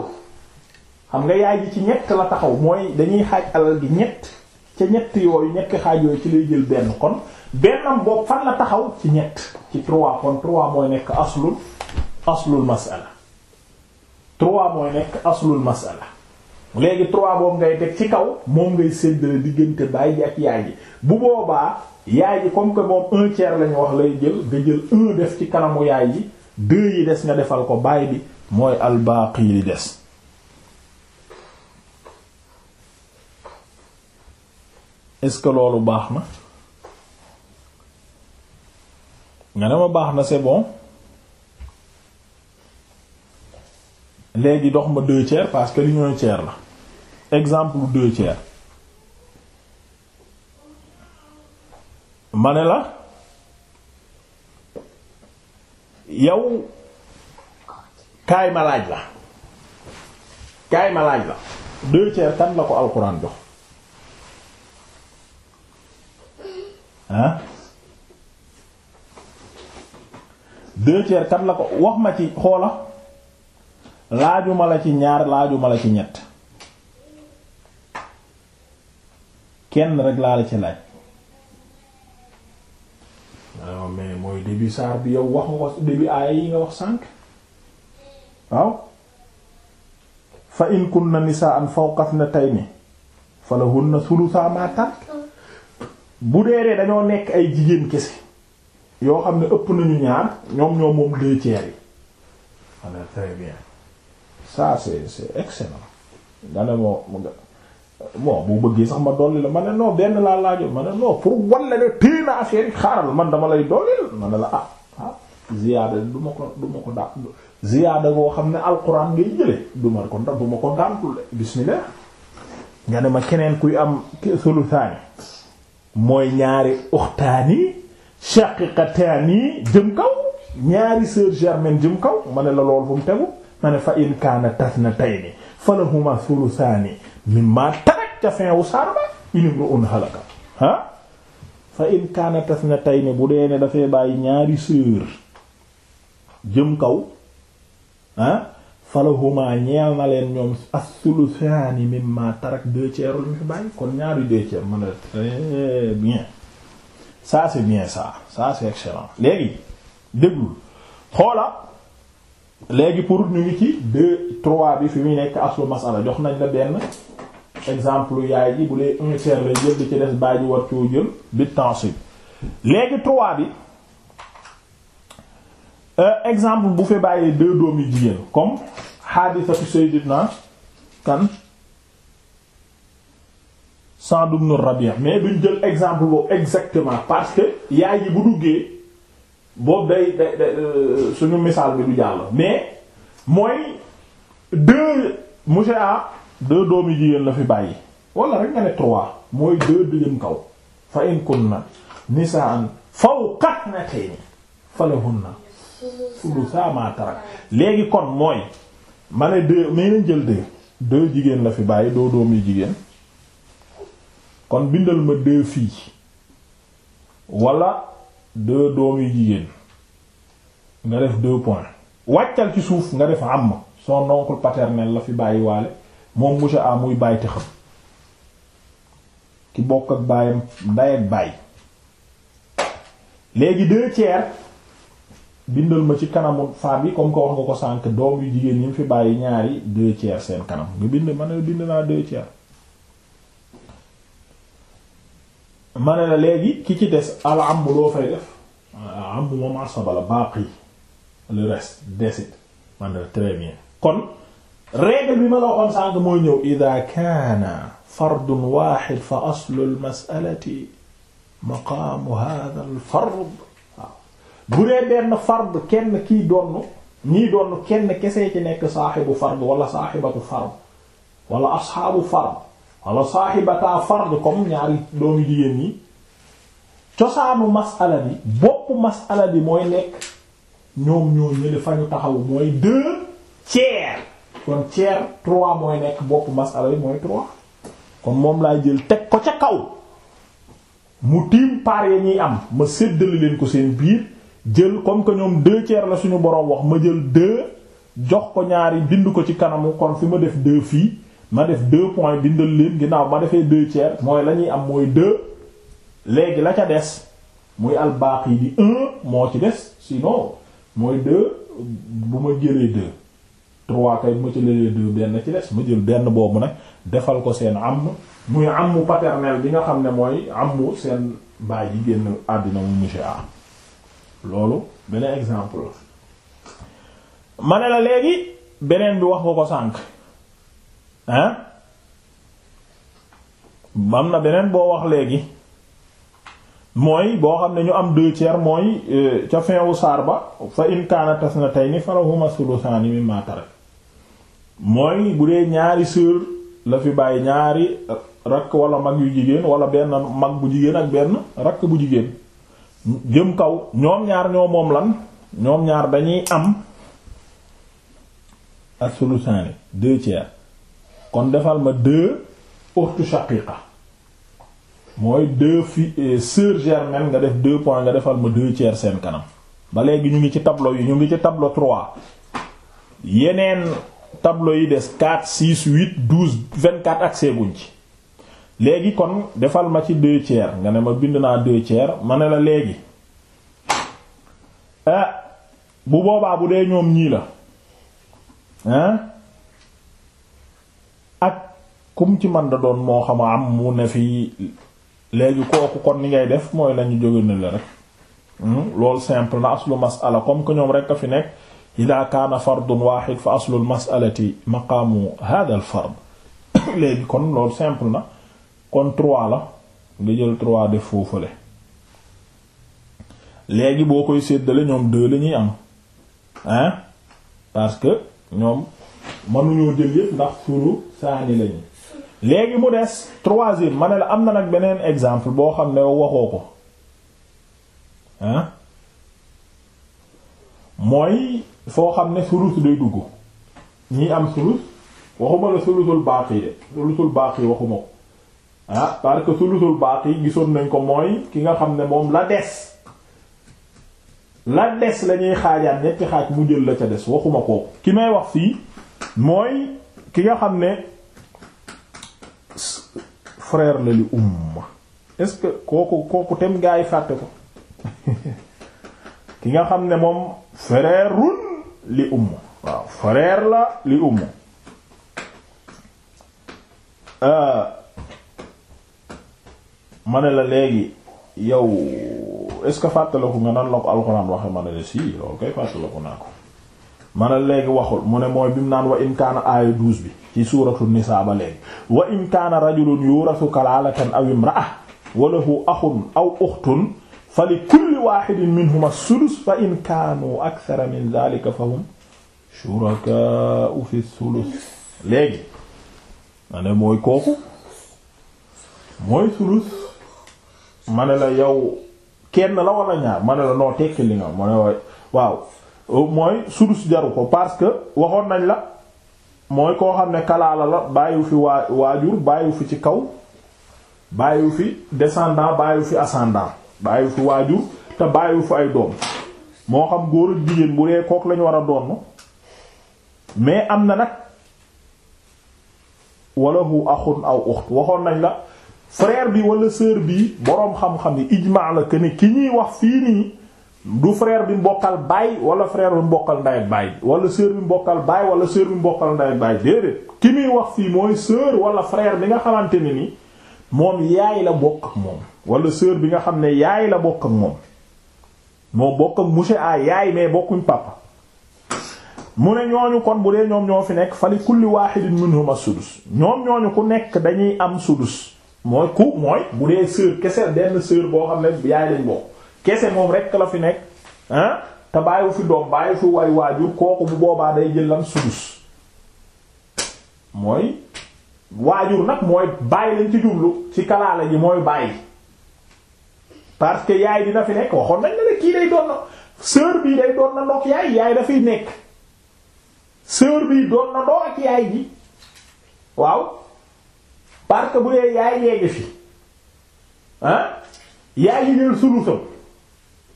xam nga yaay ji ci ñett la taxaw mooy dañuy xaaj alal bi ñett ca ñett yooyu ñetti xaaj yooyu ci lay jël benn kon bennam boobu fan la taxaw ci ñett ci trois kon trois mooy nekk aslul aslul masala trois mooy nekk aslul masala léegi trois boobu ngay teg ci kaw moom ngay séddale diggante baay ji ak yaay ji bu boobaa yaay ji comme que moom un tiers lañu wax lay jël nga jël un def ci kanamu yaay ji deux yi des nga defal ko baay bi mooy albaaqi li des est-ce que loolu baax na nga ne baax na c'est léegi dox ma deux tiers parce que li ñooy tiers la exemple deux tiers ma ne la yow kaay ma laaj la kaay ma laaj la deux tiers kan la ko alxuraan jox ah deux tiers kan la ko wax ma ci xoola laajuma la ci ñaar laajuma la ci ñett kenn rek laa la ci laaj waaw ah, mais mooy début saar bi yow wax nga ko début aaya yi nga wax sànq waaw fa in kunna nisaa'an fawqa ithnatayni falahunna thuluthaa maa tarak bu deeree dañoo nekk ay jigéen kese yoo xam ne ëpp nañu ñaar ñoom ñoo moom deux tiers yi ah, ça c'est c'est excellent nga ne moo bon bu bëggee sax ma dolli la ma ne non benn laa laajo ma ne non pour wan la ne téye na affaire xaaral man dama lay dolli ma ne la ah ah ziyaada du ko du ko daan ziyaada boo xam ne alxuraan ngay jële du ko ndax ko daantul de bismillah nga ne ma keneen kuy am sulusaani mooy ñaari uxtaani shaqiqataani jëm kaw ñaari sœurs germaines jëm kaw ma ne la lool fu tegu ma ne fa in kaana tasnatayni falahuma thuluthaani mimma tarak ca fin wu saar ba inimru'un halaka ha fa in kaana tasnatayni bu dee ne dafay bàyyi ñaari sœur jëm kaw ah falahuma ñeel na leen ñoom a thuluthaani mimma tarak deux tiers lu bàyyi kon ñaari deux tiers mën a très bien ça c'est bien ça ça c'est excellent léegi déglu xoola léegi pour ñu ngi ci deux trois bi fi muy nekk aslu masala jox nañ la benn exemple yaay ji bu dee un tiers lay jël di ci des bàyyi war coo jël bi tansib léegi trois bi euh, exemple bu fi bàyyee deux doom yu jigéen comme xaadisatu sayyidina kan Sa'd ibn Rabi' mais duñ jël exemple boobu exactement parce que yaay ji bu duggee boobu day day day euh, suñu misaal bi du jàll mais mooy deux monsieur A deux doomi jigéen la fi bàyyi wala rek nga ne trois mooy deux di kaw fa in kunna nisaan fawqa natayni falahunna thulutha ma tarak léegi kon mooy ma ne deux mais nañ jël deux deux jigéen la fi bàyyi doo doomi jigéen kon bindal ma deux filles wala deux doom yu jigéen nga def deux points wàccal ci suuf nga def am son oncle paternel la fi bàyyi waale moom monsieur a muy bàyyi te ki bokk ak baayam nday ak baay léegi deux tiers bindal ma ci kanamu femme yi comme ko wax nga ko sànk doom yu jigéen ñi mu fi bàyyi ñaari deux tiers seen kanam nga bind ma ne bind naa deux tiers ma ne la léegi ki ci des al am loo fay def ah, am moom asaba la baaqi le reste desit man la très bien kon règle bi ma la waxoon sànq ñëw ida kaana fardun waxid fa aslu al masalati maqaamu hadha al fard waaw bu dee benn fard kenn kii donn ñii donn kenn kesee ci nekk saaxibu fard wala saaxibatu fard wala asxaabu fard wala saaxibataa fard comme ñaari doomi jigéen ñi cosaanu masala bi boppu masala bi mooy nekk ñoom ñoo ñële fa ñu taxaw mooy deux tiers kon tiers trois mooy nekk boppu masala mooy trois kon moom laay jël teg ko ca kaw mu tiim paar ya ñuy am ma séddale leen ko seen biir jël comme que ñoom deux tiers la suñu boroom wax ma jël deux jox ko ñaari bind ko ci kanamu kon fi ma def deux fii ma def deux points bindal leen ginnaaw ma defee deux tiers mooy la ñuy am mooy deux léegi la ca des muy albaax yi di un moo ci des sinon mooy deux bu ma jëlee deux trois kay bu ma jëlee deux benn ci des ma jël benn boobu nag defal ko seen am muy amu paternel bi nga xam ne mooy am amu seen baay yi génn àddina mu monsieur A loolu beneen exemple la ma ne la léegi beneen bi wax nga ko sànq. hein am na beneen boo wax léegi mooy boo xam ne ñu am deux mooy euh, ca fin wu saar ba fa na tey tasnatayni falahuma sulusaani mimma tarak mooy bu dee ñaari sœur la fi bàyyi ñaari rakk wala mag yu jigéen wala benn mag bu jigéen ak benn rakk bu jigéen jëm kaw ñoom ñaar ñoo moom lan ñoom ñaar dañuy am ak deux tiers kon defal ma deux uxtu mooy deux fi euh, sœur germaine nga def deux point nga defal ma deux tiers seen kanam ba léegi ñu ngi ci tableau yi ñu ngi ci tableau 3 yeneen tableau yi des 4 6 8 12 24 ak seeguñ ci léegi kon defal ma ci deux tiers nga ne ma bind naa deux tiers ma ne la léegi ah bu boobaa bu dee ñoom ñii la kum ci man da doon moo xam am mu ne fii léegi kooku kon ni ngay def mooy lañu jóge na la rek hmm? loolu simple na aslu masala comme que ñoom rek a fi nekk ida kaana fardun waaxid fa aslul masalati maqaamu hada al fard léegi kon loolu simple na kon trois la nga jël trois def foofale léegi boo koy séddale ñoom deux la ñuy am hein parce que ñoom mënuñoo jël yépp ndax sulu saani lañu léegi mu des troisième ma ne la am na nag beneen exemple boo xam ne waxoo ko ah mooy foo xam ne sulus day dugg ñi am sulus waxuma la sulusul baax yi sulusul baaqi waxuma ko ah parce que sulusul yi gisoon nañ ko mooy ki nga xam ne moom la des la des lañuy ñuy xaajaat ñetti xaaj mu jël la ca des waxuma ko ki may wax fii mooy ki nga xam ne frère la li umma est-ce que kooku kooku tem gaa yi fàtte ko ki nga xam ne moom frère li umma waaw frère la li umma euh, ma ne la léegi yow est-ce que fàttaliku nga nan la ko alxuraan waxe ma ne la si loolu koy fàttaliku naa ko mana léegi waxul mu ne mooy bi naan wa in kaana aaya bi ci suuratu nisaa ba léegi wa in kaana rajulun yurasu kalaalatan aw imra'a wa lahu axun aw uxtun fa li kulli waaxidin minhuma sudus fa in kaanu akthara min dhalika fa hum shurakaa'u fi sulus léegi ma ne mooy kooku mooy sulus ma ne la yow kenn la wala ñaar ma ne la noo tekki li nga ma ne waaw Euh, mooy sudus jaru ko parce que waxoon nañ la mooy koo xam ne kalaala la bàyyiwu fi waa waajur bàyyi fi ci kaw bàyyiwu fi descendant bàyyiwu fi ascendant bàyyi fi waajur te bàyyi fi ay doom moo xam góor ak jigéen bu dee kook lañu war a donn mais am na nag wala hu axun aw uxt waxoon nañ la frère bi walla sœur bi boroom xam-xam yi ijmaa la que ne ki ñuy wax fii nii du frère bi mbokkal baay wala frère bi mbokkal nday baay wala sœur bi mbokkal baay wala sœur bi mbokkal nday baay déedéet ki muy wax fii mooy sœur wala frère bi nga xamante ne ni moom yaay la bokk ak moom wala sœur bi nga xam ne yaay la bokk ak moom moo bokk ak monsieur a yaay mais bokkuñ papa mu ne ñooñu kon bu dee ñoom ñoo fi nekk fali kulli wahidin minhum as-sudus ñoom ñooñu ku nekk dañuy am sudus mooy ku mooy bu dee sœur kese benn sœur boo xam ne yaay lañ kese moom rek la fi nekk ah te bàyyiwu fi doom bàyyiwu fi ay waajur kooku bu boobaa day jël lan mooy waajur nag mooy bàyyi lañ ci jublu ci kalaala ji mooy bàyyi parce que yaay dina fi nekk waxoon nañ ne kii day doon na sœur bii day doon na ndox yaay yaay dafay nekk sœur bii doon na ndox ak yaay ji waaw parce que bu dee yaay yeegi fi ah yaay yi jël sulusam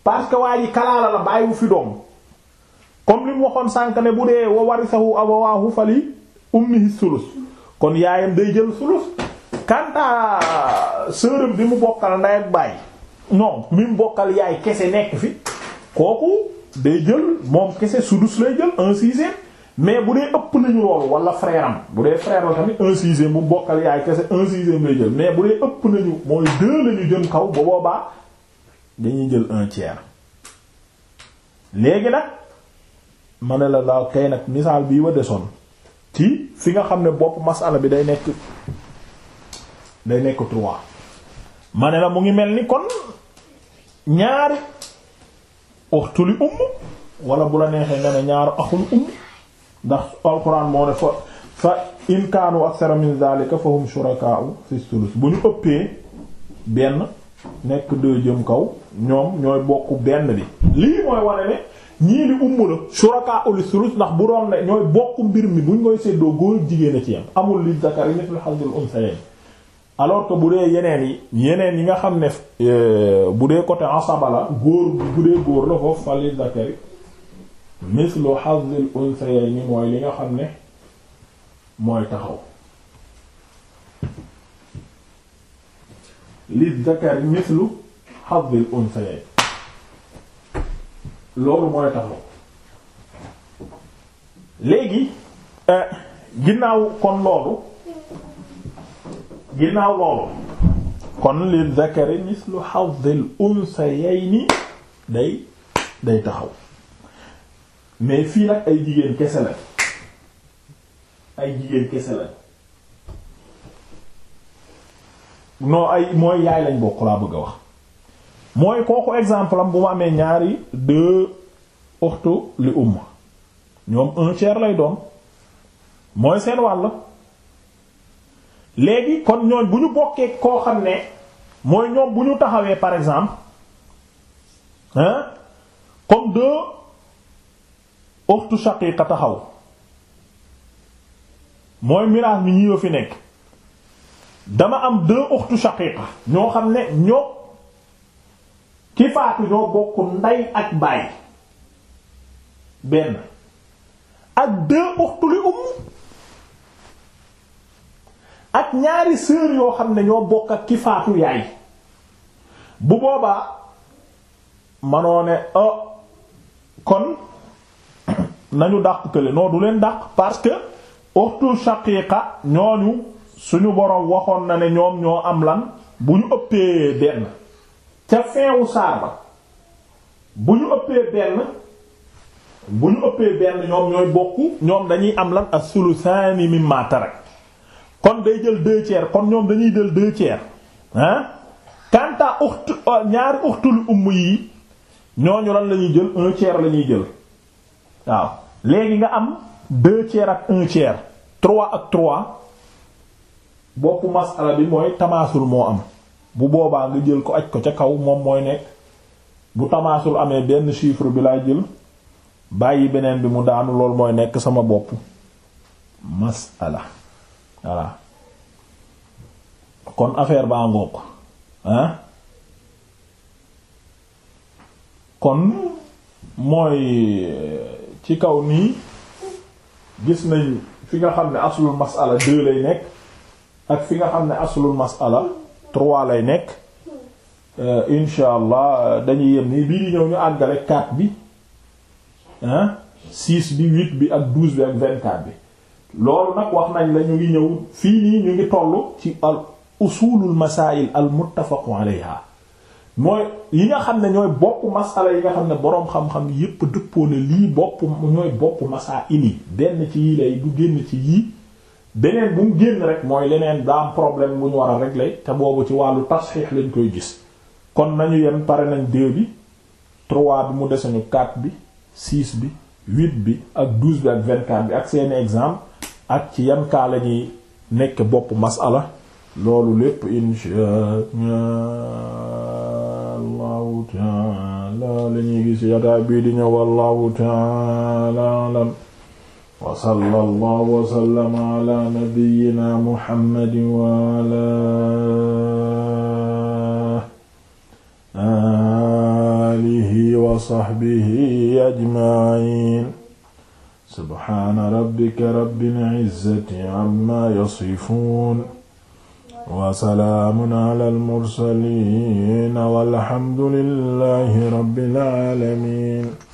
parce que waa ji kalaala la bàyyi wu fi doom comme li mu waxoon sànq ne bu dee wa warisahu abawaahu fali ummihi sulus kon yaayam day jël sulus kanta sërëm bi mu bokkal ndey ak baay non mi mu bokkal yaay kese nekk fi kooku day jël moom kese sudus lay jël un sixième mais bu dee ëpp nañu loolu wala frère bu dee frère la tamit un sixième bu bokkal yaay kese un sixième lay jël mais bu dee ëpp nañu mooy deux lañu jëm kaw ba boobaa dañuy jël un tiers léegi nag ma ne la laa kay nag misaal bii wa desoon ci fi nga xam ne bopp masala bi day nekk day nekk trois ma la mu ngi mel ni kon ñaari waxtu li umm wala bu la neexee nga ne ñaari axul umm ndax alxuraan moo ne fa fa in kaanu akthara min zalika fa hum shurakaa'u fi thuluth bu ñu ëppee benn nekk deux jëm kaw ñoom ñooy bokk benn bi lii mooy wane ne ñii di umm la shuraka ul ndax bu doon ne ñooy bokk mbir mi buñ koy séddoo góor jigéen a ci yam amul li zakari mithlu hazzil unsayayn alors bu dee yeneen yi yeneen yi nga xam ne euh, bu dee côté asaba la góor bu dee góor la foofu fa li zakari mithlu hazzil unsayayn mooy li nga xam ne mooy taxaw li zakari mislu hazzil unsayayn loolu mooy taxaw léegi euh, ginnaaw kon loolu ginnaaw loolu kon li zakari mislu hazzil unsayayni day day taxaw mais fii nag ay jigéen kese lañ ay jigéen kese la no ay mooy yaay lañ bokk laa bëgg wax mooy kooku exemple am bu ma amee ñaari deux uxtu li umma ñoom un tiers lay doon mooy seen wàll léegi kon ñooñ bu ñu bokkee koo xam ne mooy ñoom bu ñu taxawee par exemple hein comme deux uxtu shaqiqa taxaw mooy miraas mi ñi fi nekk dama am deux uxtu shaqiqa ñoo xam ne ñoo ki faatu ñoo bokk nday ak baay benn ak deux uxtu li umm ak ñaari sœur yoo xam ne ñoo bokk ak ki faatu yaay bu boobaa manoo ne ah kon nañu dàq kële non du leen dàq parce que uxtu shaqiqa ñooñu suñu boroom waxoon na ne ñoom ñoo am lan bu ñu ëppee benn ca feewu saar ba bu ñu ëppee benn bu ñu ëppee benn ñoom ñooy bokk ñoom dañuy am lan as-sulusaani mimma tarak kon day jël deux kon ñoom dañuy jël deux tiers ah kanta uxtu ñaari uxtul umm yi ñooñu lan lañuy jël un lañuy jël waaw léegi nga am deux tiers ak un trois ak trois bopp masala bi mooy tamaasul moo am bu boobaa nga jël ko aj ko ca kaw moom mooy nekk bu tamaasul amee benn chiffre bi laa jël bàyyi beneen bi mu daanu lool mooy nekk sama bopp masala voilà kon affaire baa ngoog hein kon mooy ci kaw nii gis nañ fi nga xam ne aslul masala deux lay nekk ak fi nga xam ne aslul masala trois lay nekk euh, insha allah euh, dañuy yem nii bii di ñëw ñu àggale quatre bi hein bi huit bi ak douze bi ak vingt bi loolu nag wax nañ la ñu ngi ñëw fii nii ñu ngi toll ci al usulul masail al muttafaqu alayha mooy yi nga xam ne ñooy bopp masala yi nga xam ne boroom xam-xam yépp dëppoo ne lii bopp ñooy bopp masail yi benn ci yii lay du génn ci yii beneen bu mu génn rek mooy leneen daa am problème bu ñu war a régler te boobu ci wàllu tasxiix lañ koy gis kon nañu yem pare nañ deux bi trois bi mu deseñu quatre bi six bi huit bi ak douze bi ak vingt-quatre bi ak seeni exemple ak ci yan kaa la nekk bopp masala loolu lépp insha allahu taala la gis yataay bii di ñëw wallahu taala wa sallallahu wa sallama ala nabiyyina muhammadin wa ala alihi wa sahbihi ajma'in subhana rabbika rabbil izzati amma yasifun wa salaamun ala al-mursaliin walhamdulillahi rabbil aalamiin